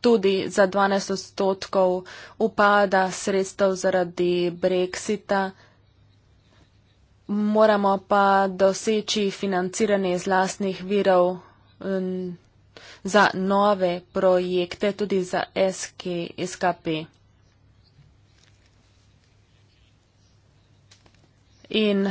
tudi za 12 odstotkov upada sredstev zaradi brexita. Moramo pa doseči financiranje iz lastnih virov um, za nove projekte, tudi za SK, SKP. In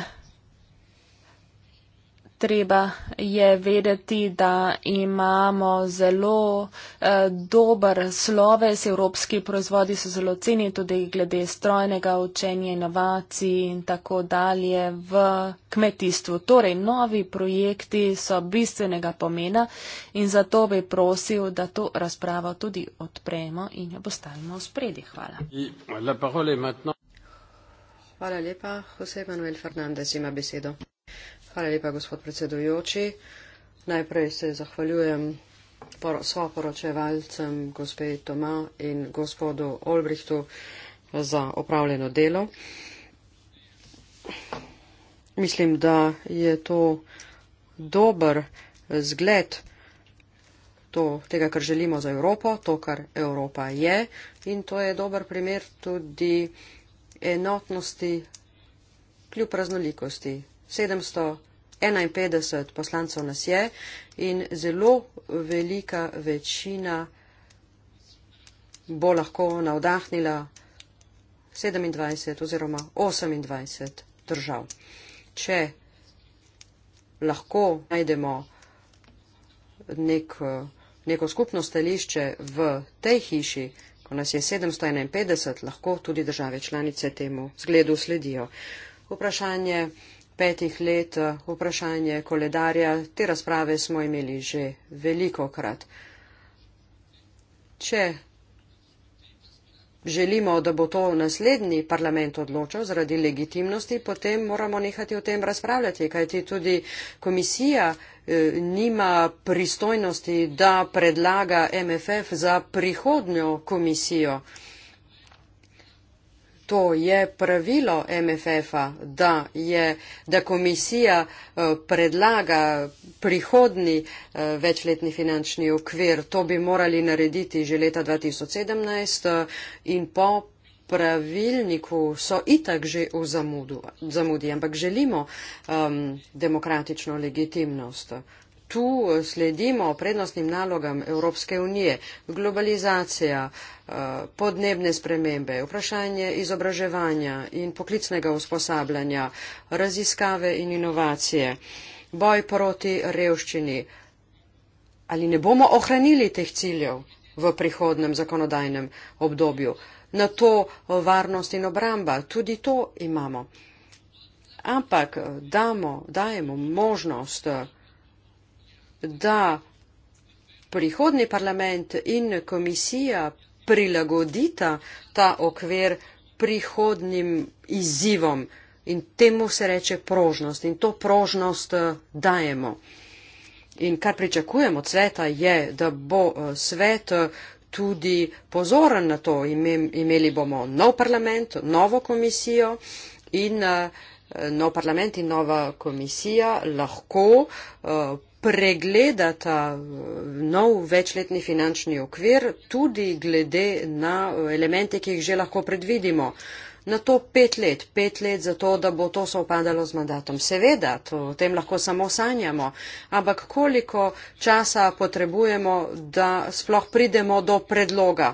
treba je vedeti, da imamo zelo eh, dober sloves, evropski proizvodi so zelo ceni, tudi glede strojnega učenja, inovacij in tako dalje v kmetijstvu. Torej, novi projekti so bistvenega pomena in zato bi prosil, da to razpravo tudi odpremo in jo postavimo v spredi. Hvala. Hvala lepa, Jose Manuel Fernandez ima besedo. Hvala lepa, gospod predsedujoči. Najprej se zahvaljujem svoporočevalcem, gospe Toma in gospodu Olbrichtu za opravljeno delo. Mislim, da je to dober zgled to, tega, kar želimo za Evropo, to, kar Evropa je in to je dober primer tudi enotnosti kljub raznolikosti 751 poslancev nas je in zelo velika večina bo lahko navdahnila 27 oziroma 28 držav. Če lahko najdemo nek, neko skupno stališče v tej hiši, ko nas je 751, lahko tudi države članice temu zgledu sledijo. Vprašanje petih let eh, vprašanje koledarja. Te razprave smo imeli že veliko krat. Če želimo, da bo to naslednji parlament odločal zaradi legitimnosti, potem moramo nehati o tem razpravljati, kajti tudi komisija eh, nima pristojnosti, da predlaga MFF za prihodnjo komisijo. To je pravilo MFF-a, da, da komisija eh, predlaga prihodni eh, večletni finančni okvir. To bi morali narediti že leta 2017 eh, in po pravilniku so itak že v zamudu, zamudi, ampak želimo um, demokratično legitimnost tu sledimo prednostnim nalogam Evropske unije, globalizacija, eh, podnebne spremembe, vprašanje izobraževanja in poklicnega usposabljanja, raziskave in inovacije, boj proti revščini. Ali ne bomo ohranili teh ciljev v prihodnem zakonodajnem obdobju? Na to varnost in obramba, tudi to imamo. Ampak eh, damo, dajemo možnost da prihodni parlament in komisija prilagodita ta okvir prihodnim izzivom in temu se reče prožnost in to prožnost eh, dajemo. In kar pričakujem od sveta je, da bo eh, svet eh, tudi pozoren na to, imeli bomo nov parlament, novo komisijo in nov parlament in nova komisija lahko pregledata eh, nov večletni finančni okvir tudi glede na elemente, ki jih že lahko predvidimo. Na to pet let, pet let za to, da bo to sovpadalo z mandatom. Seveda, to, o tem lahko samo sanjamo, ampak koliko časa potrebujemo, da sploh pridemo do predloga.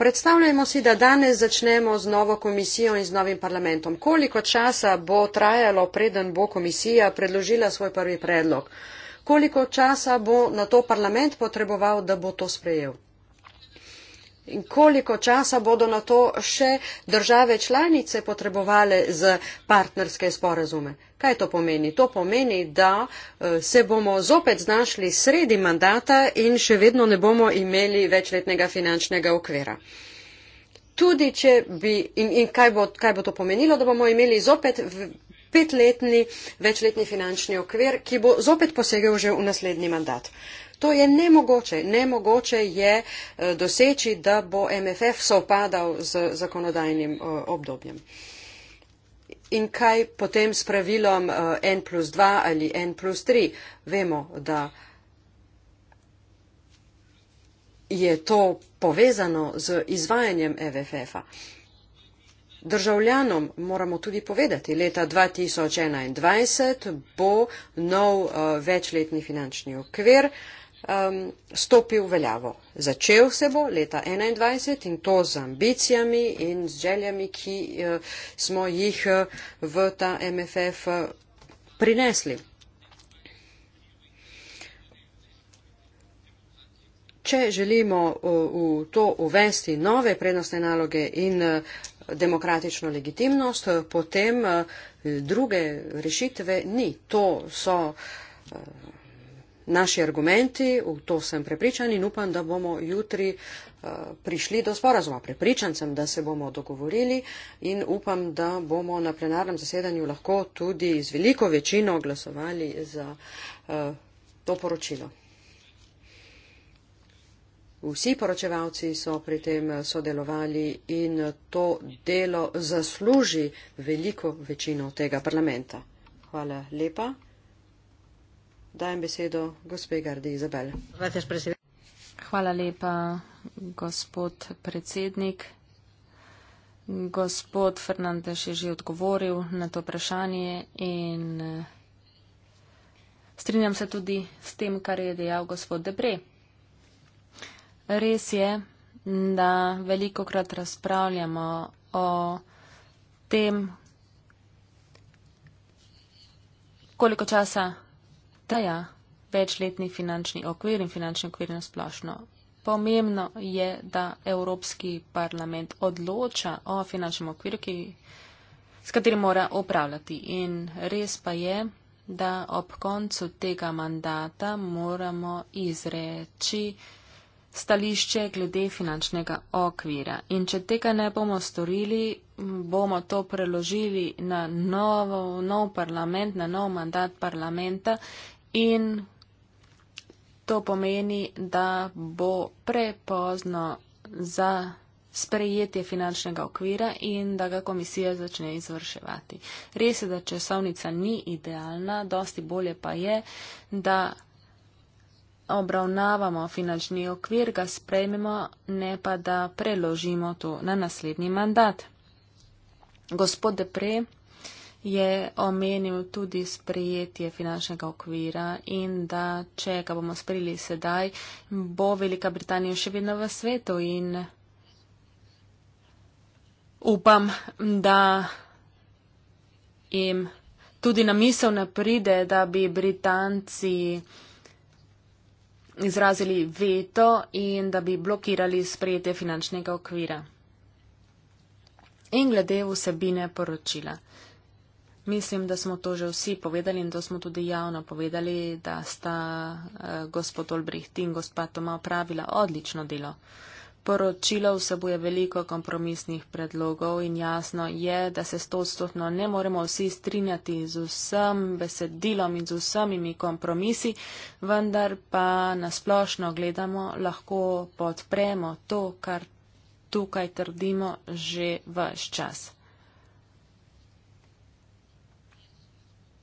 Predstavljajmo si, da danes začnemo z novo komisijo in z novim parlamentom. Koliko časa bo trajalo, preden bo komisija predložila svoj prvi predlog? Uh, koliko časa bo na to parlament potreboval, da bo to sprejel. In koliko časa bodo na to še države članice potrebovale za partnerske sporazume? Kaj to pomeni? To pomeni, da eh, se bomo zopet znašli sredi mandata in še vedno ne bomo imeli večletnega finančnega okvira. Tudi če bi, in, in kaj, bo, kaj bo to pomenilo, da bomo imeli zopet petletni večletni finančni okvir, ki bo zopet posegel že v naslednji mandat. To je nemogoče. Nemogoče je eh, doseči, da bo MFF sovpadal z zakonodajnim eh, obdobjem. In kaj potem s pravilom eh, N plus 2 ali N plus 3? Vemo, da je to povezano z izvajanjem MFF-a državljanom moramo tudi povedati, leta 2021 bo nov eh, večletni finančni okvir stopil v veljavo. Začel se bo leta 2021 in to z ambicijami in z željami, ki eh, smo jih eh, v ta MFF prinesli. Če želimo v to uvesti nove prednostne naloge in demokratično legitimnost, potem eh, druge rešitve ni. To so eh, naši argumenti, v to sem prepričan in upam, da bomo jutri eh, prišli do sporazuma. Prepričan sem, da se bomo dogovorili in upam, da bomo na plenarnem zasedanju lahko tudi z veliko večino glasovali za to poročilo. Vsi poročevalci so pri tem sodelovali in to delo zasluži veliko večino tega parlamenta. Hvala lepa. Dajem besedo gospe Gardi Izabel. Hvala lepa, gospod predsednik. Gospod Fernandez je že odgovoril na to vprašanje in eh, strinjam se tudi s tem, kar je dejal gospod Debre. Res je, da veliko krat razpravljamo o tem, koliko časa traja večletni finančni okvir in finančni okvir na splošno. Pomembno je, da Evropski parlament odloča o finančnem okviru, ki, s katerim mora upravljati. In res pa je, da ob koncu tega mandata moramo izreči stališče glede finančnega okvira. In če tega ne bomo storili, bomo to preložili na novo, nov parlament, na nov mandat parlamenta in to pomeni, da bo prepozno za sprejetje finančnega okvira in da ga komisija začne izvrševati. Res je, da časovnica ni idealna, dosti bolje pa je, da obravnavamo finančni okvir, ga sprejmemo, ne pa da preložimo to na naslednji mandat. Gospod Depre je omenil tudi sprejetje finančnega okvira in da, če ga bomo sprejeli sedaj, bo Velika Britanija še vedno v svetu in upam, da jim tudi na misel ne pride, da bi Britanci izrazili veto in da bi blokirali sprejetje finančnega okvira. In glede vsebine poročila. Mislim, da smo to že vsi povedali in to smo tudi javno povedali, da sta eh, gospod Olbricht in gospod Toma opravila odlično delo. Poročilo vsebuje veliko kompromisnih predlogov in jasno je, da se stotstotno ne moremo vsi strinjati z vsem besedilom in z vsemi kompromisi, vendar pa nasplošno gledamo, lahko podpremo to, kar tukaj trdimo že vaš čas.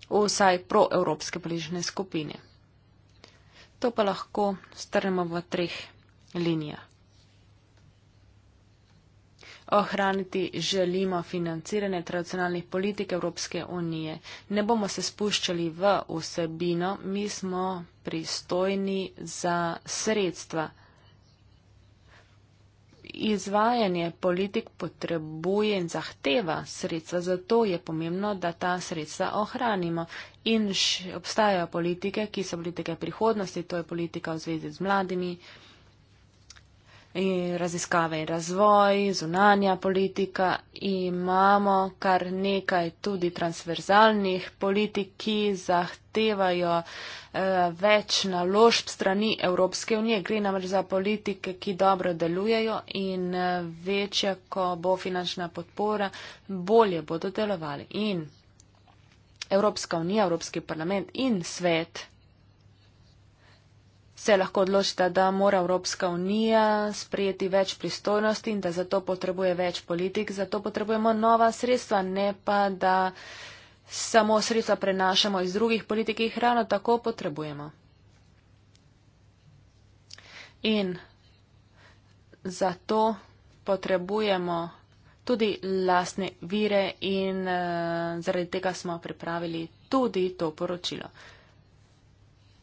Vsaj proevropske bližne skupine. To pa lahko strnemo v treh linijah ohraniti želimo financiranje tradicionalnih politik Evropske unije. Ne bomo se spuščali v vsebino, mi smo pristojni za sredstva. Izvajanje politik potrebuje in zahteva sredstva, zato je pomembno, da ta sredstva ohranimo. In obstajajo politike, ki so politike prihodnosti, to je politika v zvezi z mladimi, raziskave in razvoj, zunanja politika. Imamo kar nekaj tudi transverzalnih politik, ki zahtevajo eh, več naložb strani Evropske unije. Gre namreč za politike, ki dobro delujejo in eh, večja, ko bo finančna podpora, bolje bodo delovali. In Evropska unija, Evropski parlament in svet se lahko odločite, da mora Evropska unija sprejeti več pristojnosti in da zato potrebuje več politik, zato potrebujemo nova sredstva, ne pa da samo sredstva prenašamo iz drugih politik, ki jih ravno tako potrebujemo. In zato potrebujemo tudi lastne vire in uh, zaradi tega smo pripravili tudi to poročilo.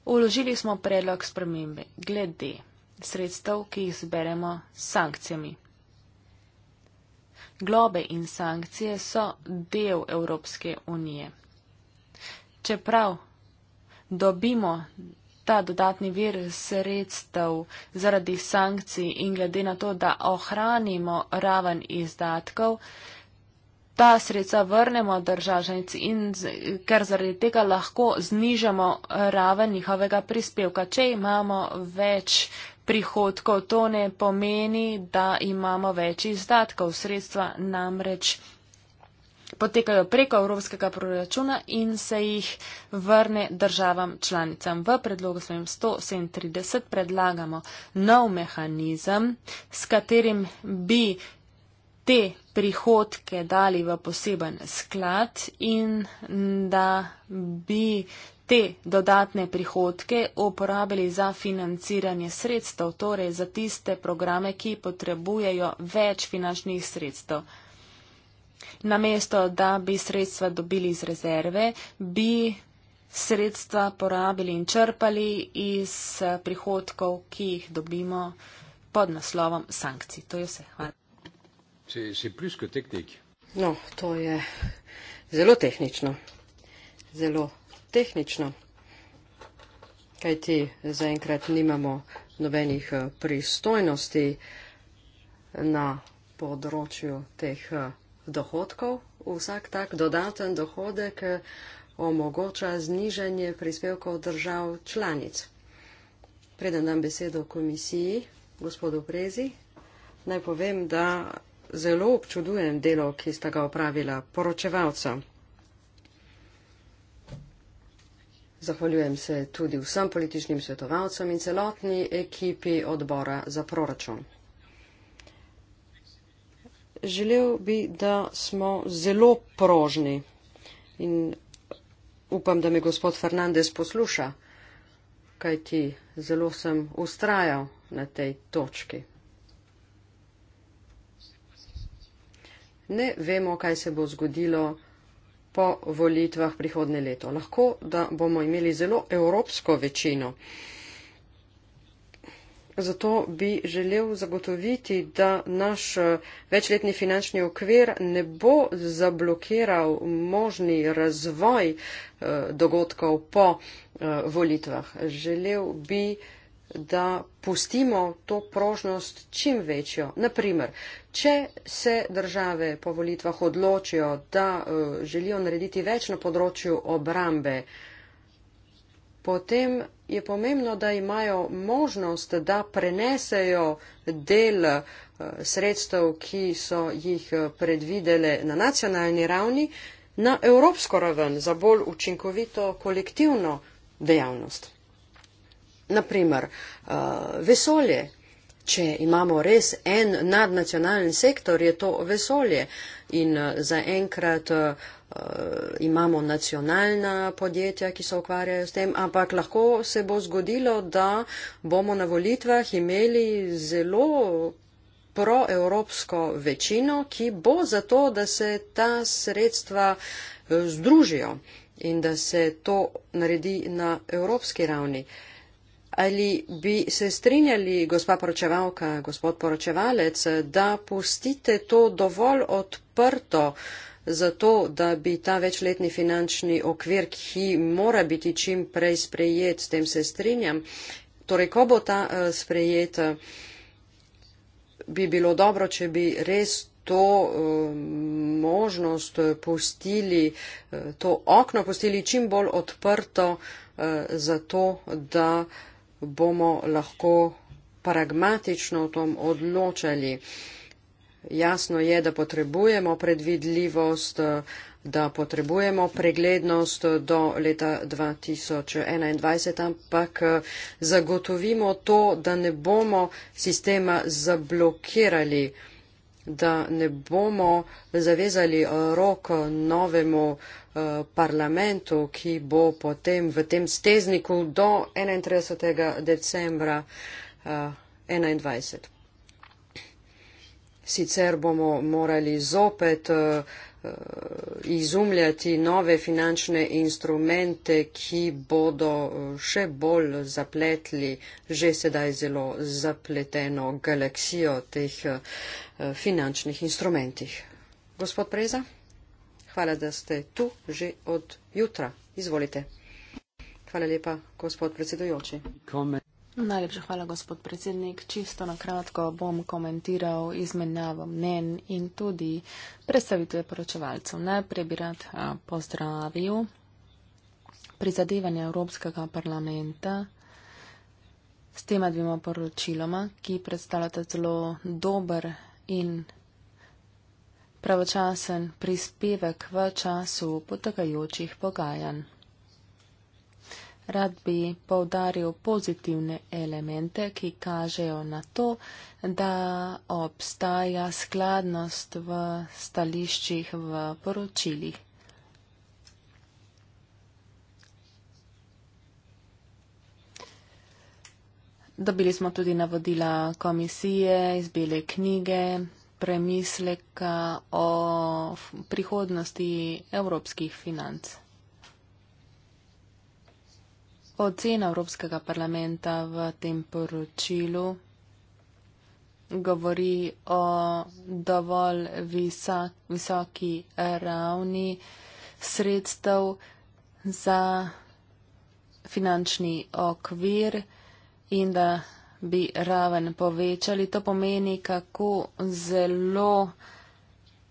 Uložili smo predlog spremembe glede sredstev, ki jih zberemo s sankcijami. Globe in sankcije so del Evropske unije. Čeprav dobimo ta dodatni vir sredstev zaradi sankcij in glede na to, da ohranimo raven izdatkov, ta sredstva vrnemo državnici in ker zaradi tega lahko znižamo raven njihovega prispevka. Če imamo več prihodkov, to ne pomeni, da imamo več izdatkov. Sredstva namreč potekajo preko evropskega proračuna in se jih vrne državam članicam. V predlogu svojim 137 predlagamo nov mehanizem, s katerim bi te prihodke dali v poseben sklad in da bi te dodatne prihodke uporabili za financiranje sredstev, torej za tiste programe, ki potrebujejo več finančnih sredstev. Namesto, da bi sredstva dobili iz rezerve, bi sredstva porabili in črpali iz prihodkov, ki jih dobimo pod naslovom sankcij. To je vse. Hvala. C'est plus que technique. No, to je zelo tehnično. Zelo tehnično. Kaj ti zaenkrat nimamo nobenih eh, pristojnosti na področju teh eh, dohodkov. Vsak tak dodaten dohodek eh, omogoča znižanje prispevkov držav članic. Predem dam besedo komisiji, gospodu Prezi, naj povem, da zelo občudujem delo, ki sta ga opravila poročevalca. Zahvaljujem se tudi vsem političnim svetovalcem in celotni ekipi odbora za proračun. Želel bi, da smo zelo prožni in upam, da me gospod Fernandez posluša, kajti zelo sem ustrajal na tej točki. ne vemo, kaj se bo zgodilo po volitvah prihodne leto. Lahko, da bomo imeli zelo evropsko večino. Zato bi želel zagotoviti, da naš eh, večletni finančni okvir ne bo zablokiral možni razvoj eh, dogodkov po eh, volitvah. Želel bi, da pustimo to prožnost čim večjo. Naprimer, če se države po volitvah odločijo, da eh, želijo narediti več na področju obrambe, potem je pomembno, da imajo možnost, da prenesejo del eh, sredstev, ki so jih eh, predvidele na nacionalni ravni, na evropsko raven za bolj učinkovito kolektivno dejavnost. Naprimer, eh, vesolje. Če imamo res en nadnacionalen sektor, je to vesolje. In eh, zaenkrat eh, imamo nacionalna podjetja, ki se ukvarjajo s tem, ampak lahko se bo zgodilo, da bomo na volitvah imeli zelo proevropsko večino, ki bo za to, da se ta sredstva združijo in da se to naredi na evropski ravni. Uh, Ali bi se strinjali, gospa poročevalka, gospod poročevalec, da pustite to dovolj odprto za to, da bi ta večletni finančni okvir, ki mora biti čim prej sprejet, s tem se strinjam, torej ko bo ta eh, sprejet, eh, bi bilo dobro, če bi res to eh, možnost pustili, to okno pustili čim bolj odprto za to, da bomo lahko pragmatično o tom odločali. Jasno je, da potrebujemo predvidljivost, da potrebujemo preglednost do leta 2021, ampak zagotovimo to, da ne bomo sistema zablokirali, da ne bomo zavezali rok novemu Eh, parlamentu, ki bo potem v tem stezniku do 31. decembra 2021. Eh, Sicer bomo morali zopet eh, izumljati nove finančne instrumente, ki bodo še bolj zapletli že sedaj zelo zapleteno galaksijo teh finančnih instrumentih. Gospod Preza? Hvala, da ste tu že od jutra. Izvolite. Hvala lepa, gospod predsedujoči. Najlepša hvala, gospod predsednik. Čisto na kratko bom komentiral izmenjavo mnen in tudi predstavitve poročevalcev. Najprej bi rad pozdravil prizadevanje Evropskega parlamenta s tema dvima poročiloma, ki predstavljata zelo dober in pravočasen prispevek v času potekajočih pogajanj. Rad bi povdaril pozitivne elemente, ki kažejo na to, da obstaja skladnost v stališčih v poročilih. Dobili smo tudi navodila komisije iz bele knjige, premisleka o prihodnosti evropskih financ. Ocena Evropskega parlamenta v tem poročilu govori o dovolj visok, visoki ravni sredstev za finančni okvir in da bi raven povečali. To pomeni, kako zelo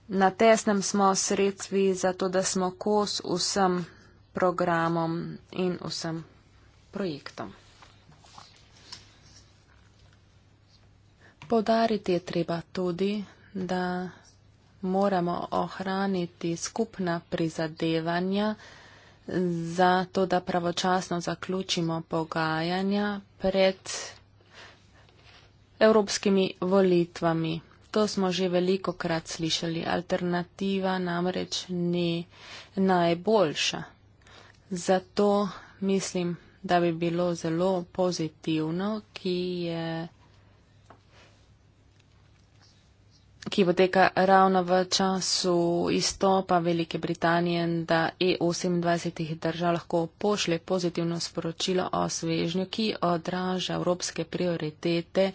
na tesnem smo sredstvi za to, da smo kos vsem programom in vsem projektom. Podariti je treba tudi, da moramo ohraniti skupna prizadevanja za to, da pravočasno zaključimo pogajanja pred evropskimi volitvami. To smo že veliko krat slišali. Alternativa namreč ni najboljša. Zato mislim, da bi bilo zelo pozitivno, ki je ki poteka ravno v času izstopa Velike Britanije, da E28 držav lahko pošlje pozitivno sporočilo o svežnju, ki odraža evropske prioritete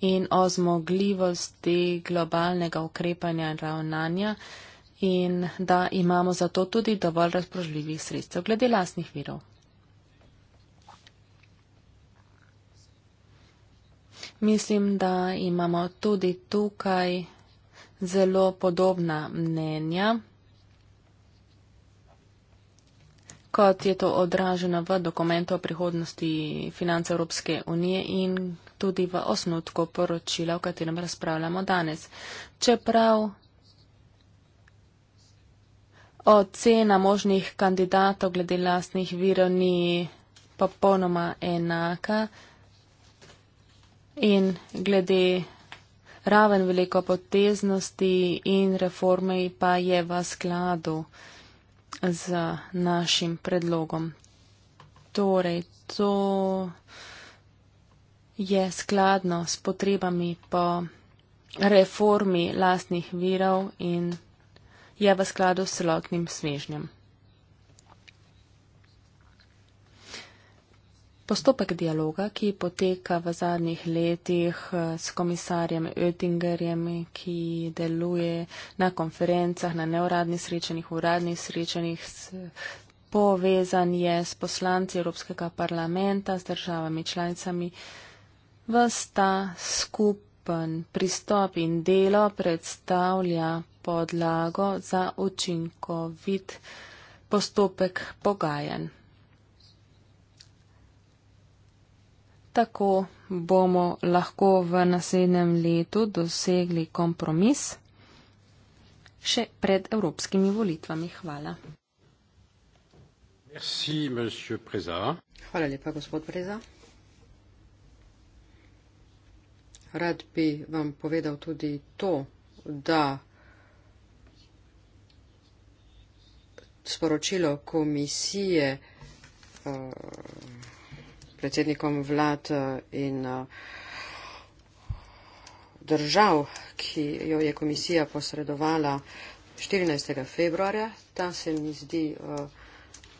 in o zmogljivosti globalnega ukrepanja in ravnanja in da imamo zato tudi dovolj razpoložljivih sredstev glede lasnih virov. Mislim, da imamo tudi tukaj zelo podobna mnenja, kot je to odraženo v dokumentu o prihodnosti finance Evropske unije in tudi v osnutku poročila, o katerem razpravljamo danes. Čeprav ocena možnih kandidatov glede lastnih virov ni popolnoma enaka in glede raven veliko poteznosti in reforme pa je v skladu z našim predlogom. Torej, to je skladno s potrebami po reformi lastnih virov in je v skladu s celotnim svežnjem. Postopek dialoga, ki poteka v zadnjih letih eh, s komisarjem Oettingerjem, ki deluje na konferencah, na neuradnih srečanjih, uradnih srečanjih, povezan je s poslanci Evropskega parlamenta, s državami članicami, vsta skupen pristop in delo predstavlja podlago za učinkovit postopek pogajanj. tako bomo lahko v naslednjem letu dosegli kompromis še pred evropskimi volitvami. Hvala. Merci, Hvala lepa, gospod Preza. Rad bi vam povedal tudi to, da sporočilo komisije uh, predsednikom vlad eh, in eh, držav, ki jo je komisija posredovala 14. februarja. Ta se mi zdi, eh,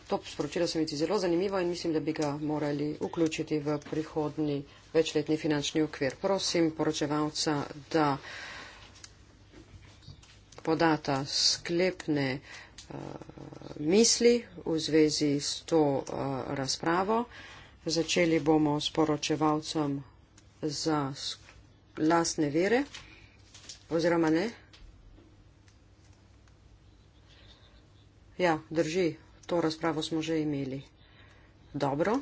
to sporočilo se mi zdi zelo zanimivo in mislim, da bi ga morali vključiti v prihodni večletni finančni okvir. Prosim poročevalca, da podata sklepne uh, misli v zvezi s to uh, razpravo. Uh, Začeli bomo s poročevalcem za lastne vere, oziroma ne. Ja, drži, to razpravo smo že imeli. Dobro.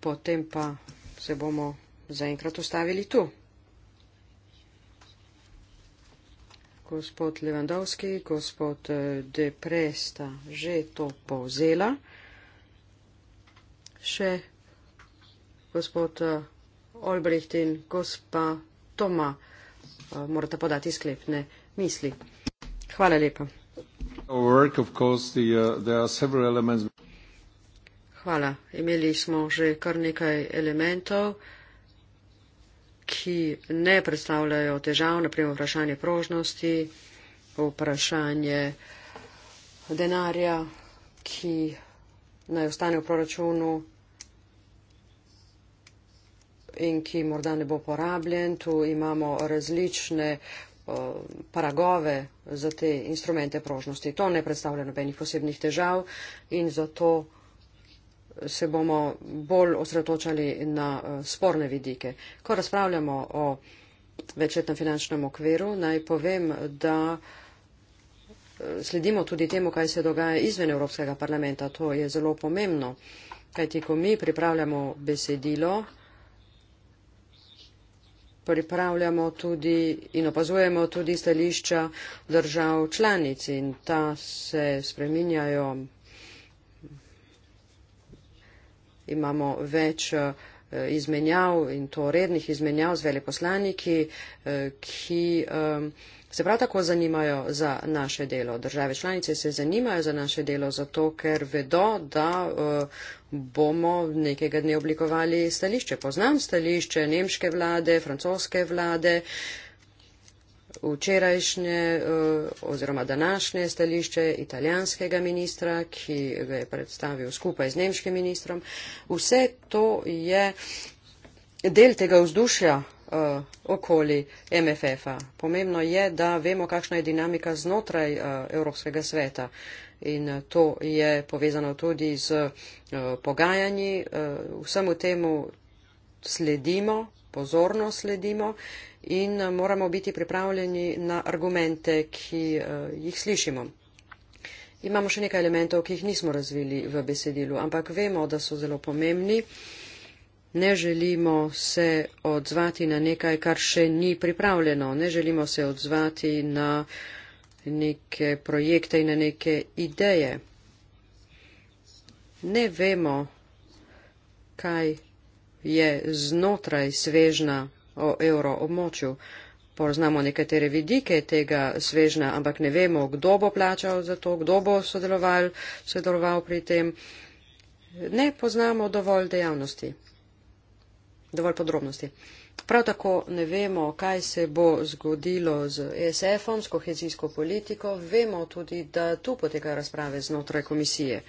Potem pa se bomo zaenkrat ustavili tu. Gospod Levandovski, gospod eh, Depresta že to povzela še gospod eh, Olbricht in gospa Toma eh, morata podati sklepne misli. Hvala lepa. Uh, Hvala. Imeli smo že kar nekaj elementov, ki ne predstavljajo težav, naprimer vprašanje prožnosti, vprašanje denarja, ki naj ostane v proračunu in ki morda ne bo porabljen. Tu imamo različne eh, paragove za te instrumente prožnosti. To ne predstavlja nobenih posebnih težav in zato se bomo bolj osredotočali na eh, sporne vidike. Ko razpravljamo o večletnem finančnem okviru, naj povem, da sledimo tudi temu, kaj se dogaja izven Evropskega parlamenta. To je zelo pomembno, kajti ko mi pripravljamo besedilo, pripravljamo tudi in opazujemo tudi stališča držav članic in ta se spreminjajo. Imamo več eh, izmenjav in to rednih izmenjav z veleposlaniki, eh, ki eh, se prav tako zanimajo za naše delo. Države članice se zanimajo za naše delo, zato ker vedo, da eh, bomo nekega dne oblikovali stališče. Poznam stališče nemške vlade, francoske vlade, včerajšnje eh, oziroma današnje stališče italijanskega ministra, ki ga je predstavil skupaj z nemškim ministrom. Vse to je del tega vzdušja uh, okoli MFF-a. Pomembno je, da vemo, kakšna je dinamika znotraj uh, Evropskega sveta. In eh, to je povezano tudi z uh, pogajanji. Uh, vsemu temu sledimo, pozorno sledimo in uh, moramo biti pripravljeni na argumente, ki uh, jih slišimo. Imamo še nekaj elementov, ki jih nismo razvili v besedilu, ampak vemo, da so zelo pomembni. Uh, ne želimo se odzvati na nekaj, kar še ni pripravljeno, ne želimo se odzvati na neke projekte in na neke ideje. Ne vemo, kaj je znotraj svežna o euroobmočju. Poznamo nekatere vidike tega svežna, ampak ne vemo, kdo bo plačal za to, kdo bo sodeloval, sodeloval pri tem. Ne poznamo dovolj dejavnosti dovolj podrobnosti. Prav tako ne vemo, kaj se bo zgodilo z ESF-om, s kohezijsko politiko. Vemo tudi, da tu potekajo razprave znotraj komisije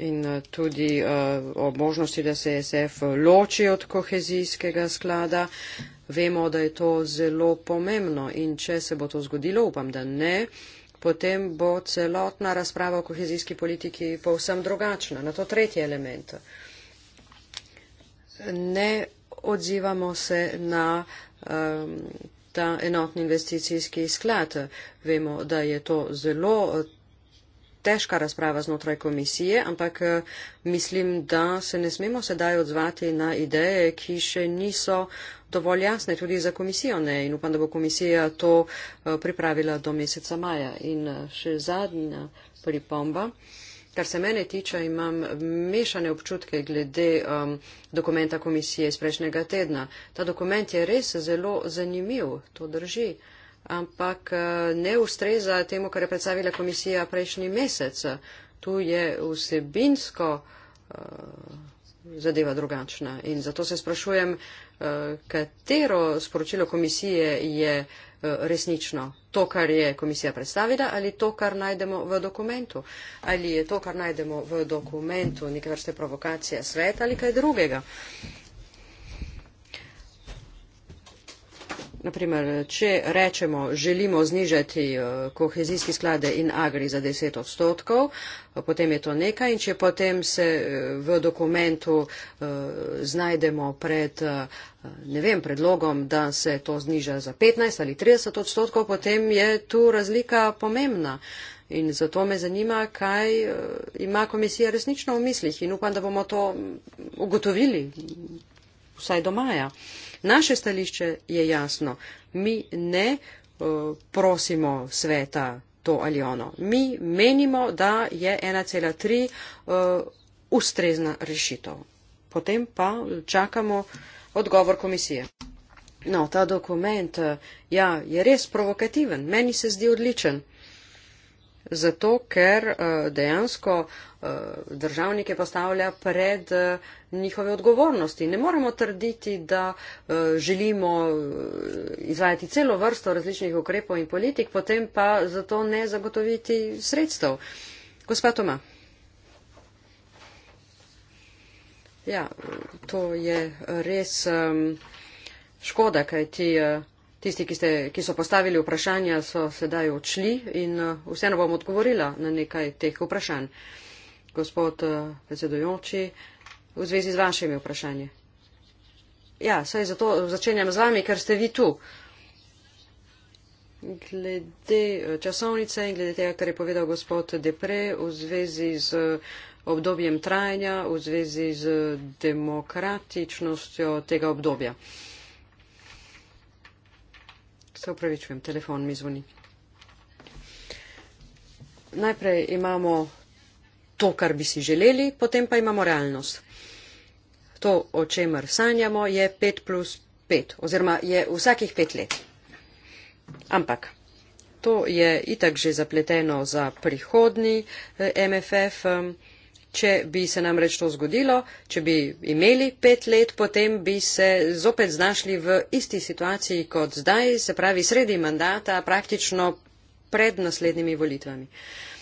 in eh, tudi uh, o možnosti, da se ESF loči od kohezijskega sklada. Vemo, da je to zelo pomembno in če se bo to zgodilo, upam, da ne, potem bo celotna razprava o kohezijski politiki povsem drugačna. Na to tretji element. Uh, ne odzivamo se na um, ta enotni investicijski sklad. Vemo, da je to zelo eh, težka razprava znotraj komisije, ampak eh, mislim, da se ne smemo sedaj odzvati na ideje, ki še niso dovolj jasne tudi za komisijo. Ne? In upam, da bo komisija to eh, pripravila do meseca maja. In še zadnja pripomba. Uh, Kar se mene tiče, imam mešane občutke glede um, dokumenta komisije iz prejšnjega tedna. Ta dokument je res zelo zanimiv, to drži, ampak uh, ne ustreza temu, kar je predstavila komisija prejšnji mesec. Tu je vsebinsko. Uh, zadeva drugačna. In zato se sprašujem, eh, katero sporočilo komisije je eh, resnično to, kar je komisija predstavila ali to, kar najdemo v dokumentu. Ali je to, kar najdemo v dokumentu neke vrste provokacija sveta ali kaj drugega. naprimer, če rečemo, želimo znižati eh, kohezijski sklade in agri za 10 odstotkov, eh, potem je to nekaj in če potem se eh, v dokumentu znajdemo pred, ne vem, predlogom, da se to zniža za 15 ali 30 odstotkov, potem je tu razlika pomembna. In zato me zanima, kaj ima komisija resnično v mislih in upam, da bomo to mm, ugotovili mm, vsaj do maja. Naše stališče je jasno. Mi ne uh, prosimo sveta to ali ono. Mi menimo, da je 1,3 uh, eh, ustrezna rešitev. Potem pa čakamo odgovor komisije. No, ta dokument eh, ja, je res provokativen. Meni se zdi odličen. Zato, ker uh, dejansko uh, Eh, državnike postavlja pred eh, njihove odgovornosti. Ne moremo trditi, da eh, želimo izvajati celo vrsto različnih ukrepov in politik, potem pa zato ne zagotoviti sredstev. Gospa Toma. Ja, to je res škoda, kaj ti. Tisti, ki, ste, ki so postavili vprašanja, so sedaj odšli in vseeno bom odgovorila na nekaj teh vprašanj gospod eh, predsedujoči, v zvezi z vašimi vprašanji. Ja, saj zato začenjam z vami, ker ste vi tu. Glede eh, časovnice in glede tega, kar je povedal gospod Depre v zvezi z eh, obdobjem trajanja, v zvezi z demokratičnostjo tega obdobja. Se upravičujem, telefon mi zvoni. Najprej imamo to, kar bi si želeli, potem pa imamo realnost. To, o čemer sanjamo, je 5 plus 5 oziroma je vsakih 5 let. Ampak to je itak že zapleteno za prihodni eh, MFF. Če bi se nam reč to zgodilo, če bi imeli pet let, potem bi se zopet znašli v isti situaciji kot zdaj, se pravi sredi mandata, praktično pred naslednjimi volitvami. Uh,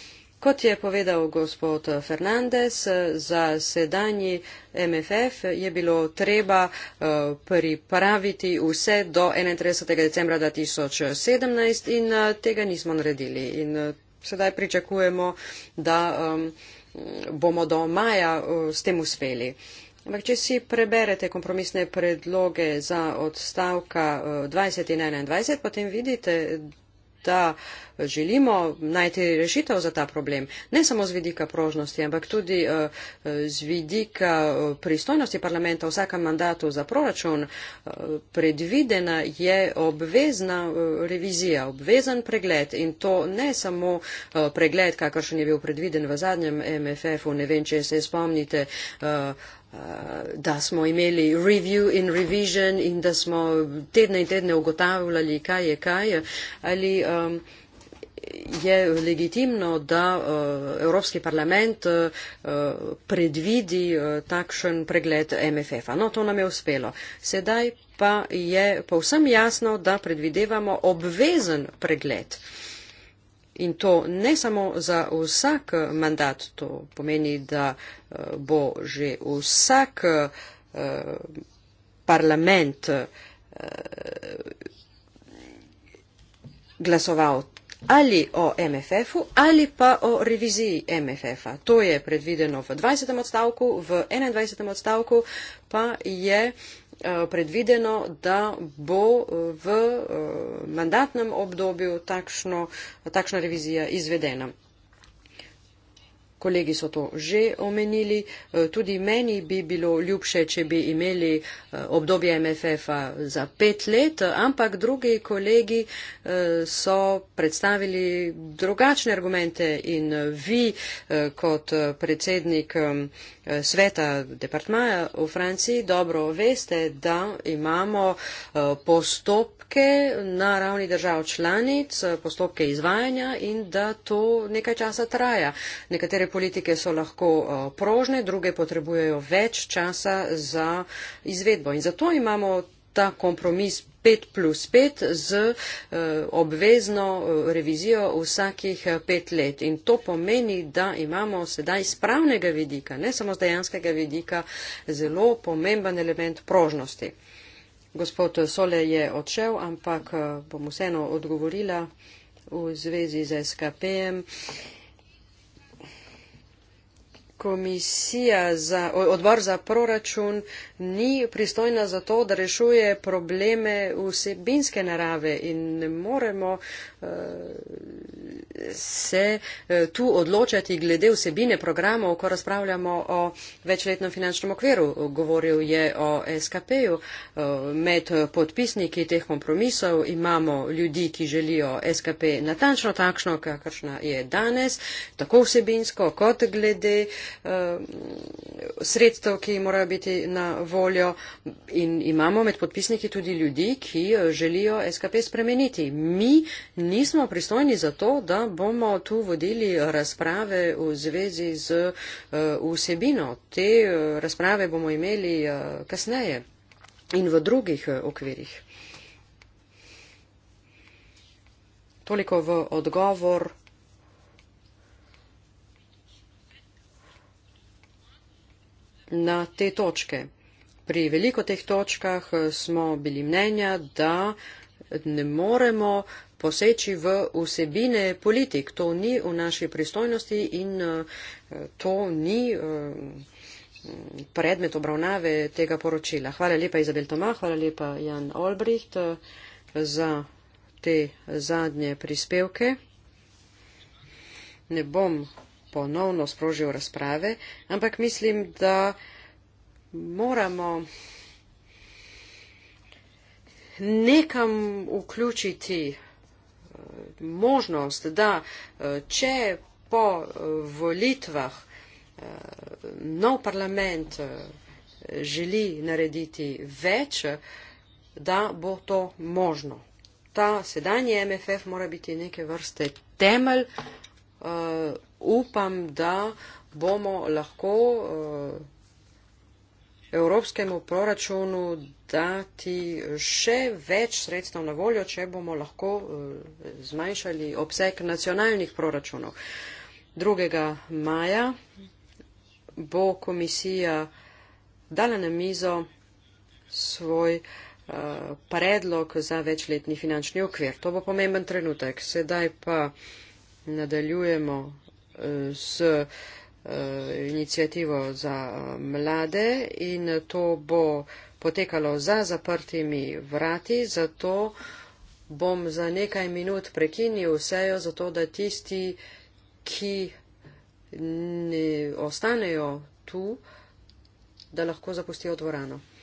Kot je povedal gospod Fernandez, za sedanji MFF je bilo treba eh, pripraviti vse do 31. decembra 2017 in eh, tega nismo naredili. In eh, sedaj pričakujemo, da bomo do maja s tem uspeli. Ampak, če si preberete kompromisne predloge za odstavka 20 in 21, potem vidite, da želimo najti rešitev za ta problem, ne samo z vidika prožnosti, ampak tudi eh, z vidika eh, pristojnosti parlamenta v vsakem mandatu za proračun, eh, predvidena je obvezna revizija, obvezen pregled in to ne samo pregled, kakršen je bil predviden v zadnjem MFF-u, ne vem, če se spomnite, uh, da smo imeli review in revision in da smo tedne in tedne ugotavljali, kaj je kaj. Ali, um, Je legitimno, da uh, Evropski parlament uh, predvidi uh, takšen pregled MFF-a. No, to nam je uspelo. Sedaj pa je povsem jasno, da predvidevamo obvezen pregled. Uh, in to ne samo za vsak mandat, to pomeni, da eh, bo že vsak eh, parlament eh, glasoval ali o MFF-u ali pa o reviziji MFF-a. To je predvideno v 20. odstavku, v 21. odstavku pa je uh, Eh, predvideno, da bo eh, v eh, mandatnem obdobju takšno, takšna revizija izvedena. Kolegi so to že omenili. Tudi meni bi bilo ljubše, če bi imeli obdobje MFF-a za pet let, ampak drugi kolegi so predstavili drugačne argumente in vi kot predsednik Eh, sveta departmaja v Franciji dobro veste, da imamo eh, postopke na ravni držav članic, eh, postopke izvajanja in da to nekaj časa traja. Nekatere politike so lahko prožne, druge potrebujejo več časa za izvedbo. In zato imamo ta kompromis pet plus pet z eh, obvezno eh, revizijo vsakih eh, pet let. In to pomeni, da imamo sedaj iz pravnega vidika, ne samo z dejanskega vidika, zelo pomemben element prožnosti. Gospod Sole je odšel, ampak bom vseeno odgovorila v zvezi z SKP-em. Uh, komisija za, odbor za proračun ni pristojna za to, da rešuje probleme vsebinske narave in ne moremo eh, se eh, tu odločati glede vsebine programov, ko razpravljamo o večletnem finančnem okviru. Govoril je o SKP-ju. Eh, med podpisniki teh kompromisov imamo ljudi, ki želijo SKP natančno takšno, kakršna je danes, tako vsebinsko kot glede uh, Eh, sredstev, ki morajo biti na voljo in imamo med podpisniki tudi ljudi, ki eh, želijo SKP spremeniti. Mi nismo pristojni za to, da bomo tu vodili razprave v zvezi z eh, vsebino. Te razprave bomo imeli kasneje in v drugih okvirih. Toliko v odgovor na te točke. Pri veliko teh točkah eh, smo bili mnenja, da ne moremo poseči v vsebine politik. To ni v naši pristojnosti in eh, to ni eh, predmet obravnave tega poročila. Hvala lepa Izabel Toma, hvala lepa Jan Olbricht za te zadnje prispevke. Ne bom ponovno sprožil razprave, ampak mislim, da moramo nekam vključiti eh, možnost, da eh, če po eh, volitvah nov parlament želi narediti več, da bo to možno. Ta sedanji MFF mora biti neke vrste temelj uh, upam, da bomo lahko uh, evropskemu proračunu dati še več sredstev na voljo, če bomo lahko uh, zmanjšali obseg nacionalnih proračunov. 2. maja bo komisija dala na mizo svoj predlog za večletni finančni okvir. To bo pomemben trenutek. Sedaj pa uh, nadaljujemo eh, s eh, inicijativo za eh, mlade in to bo potekalo za zaprtimi vrati, zato bom za nekaj minut prekinil vsejo, zato da tisti, ki ostanejo tu, da lahko zapustijo dvorano.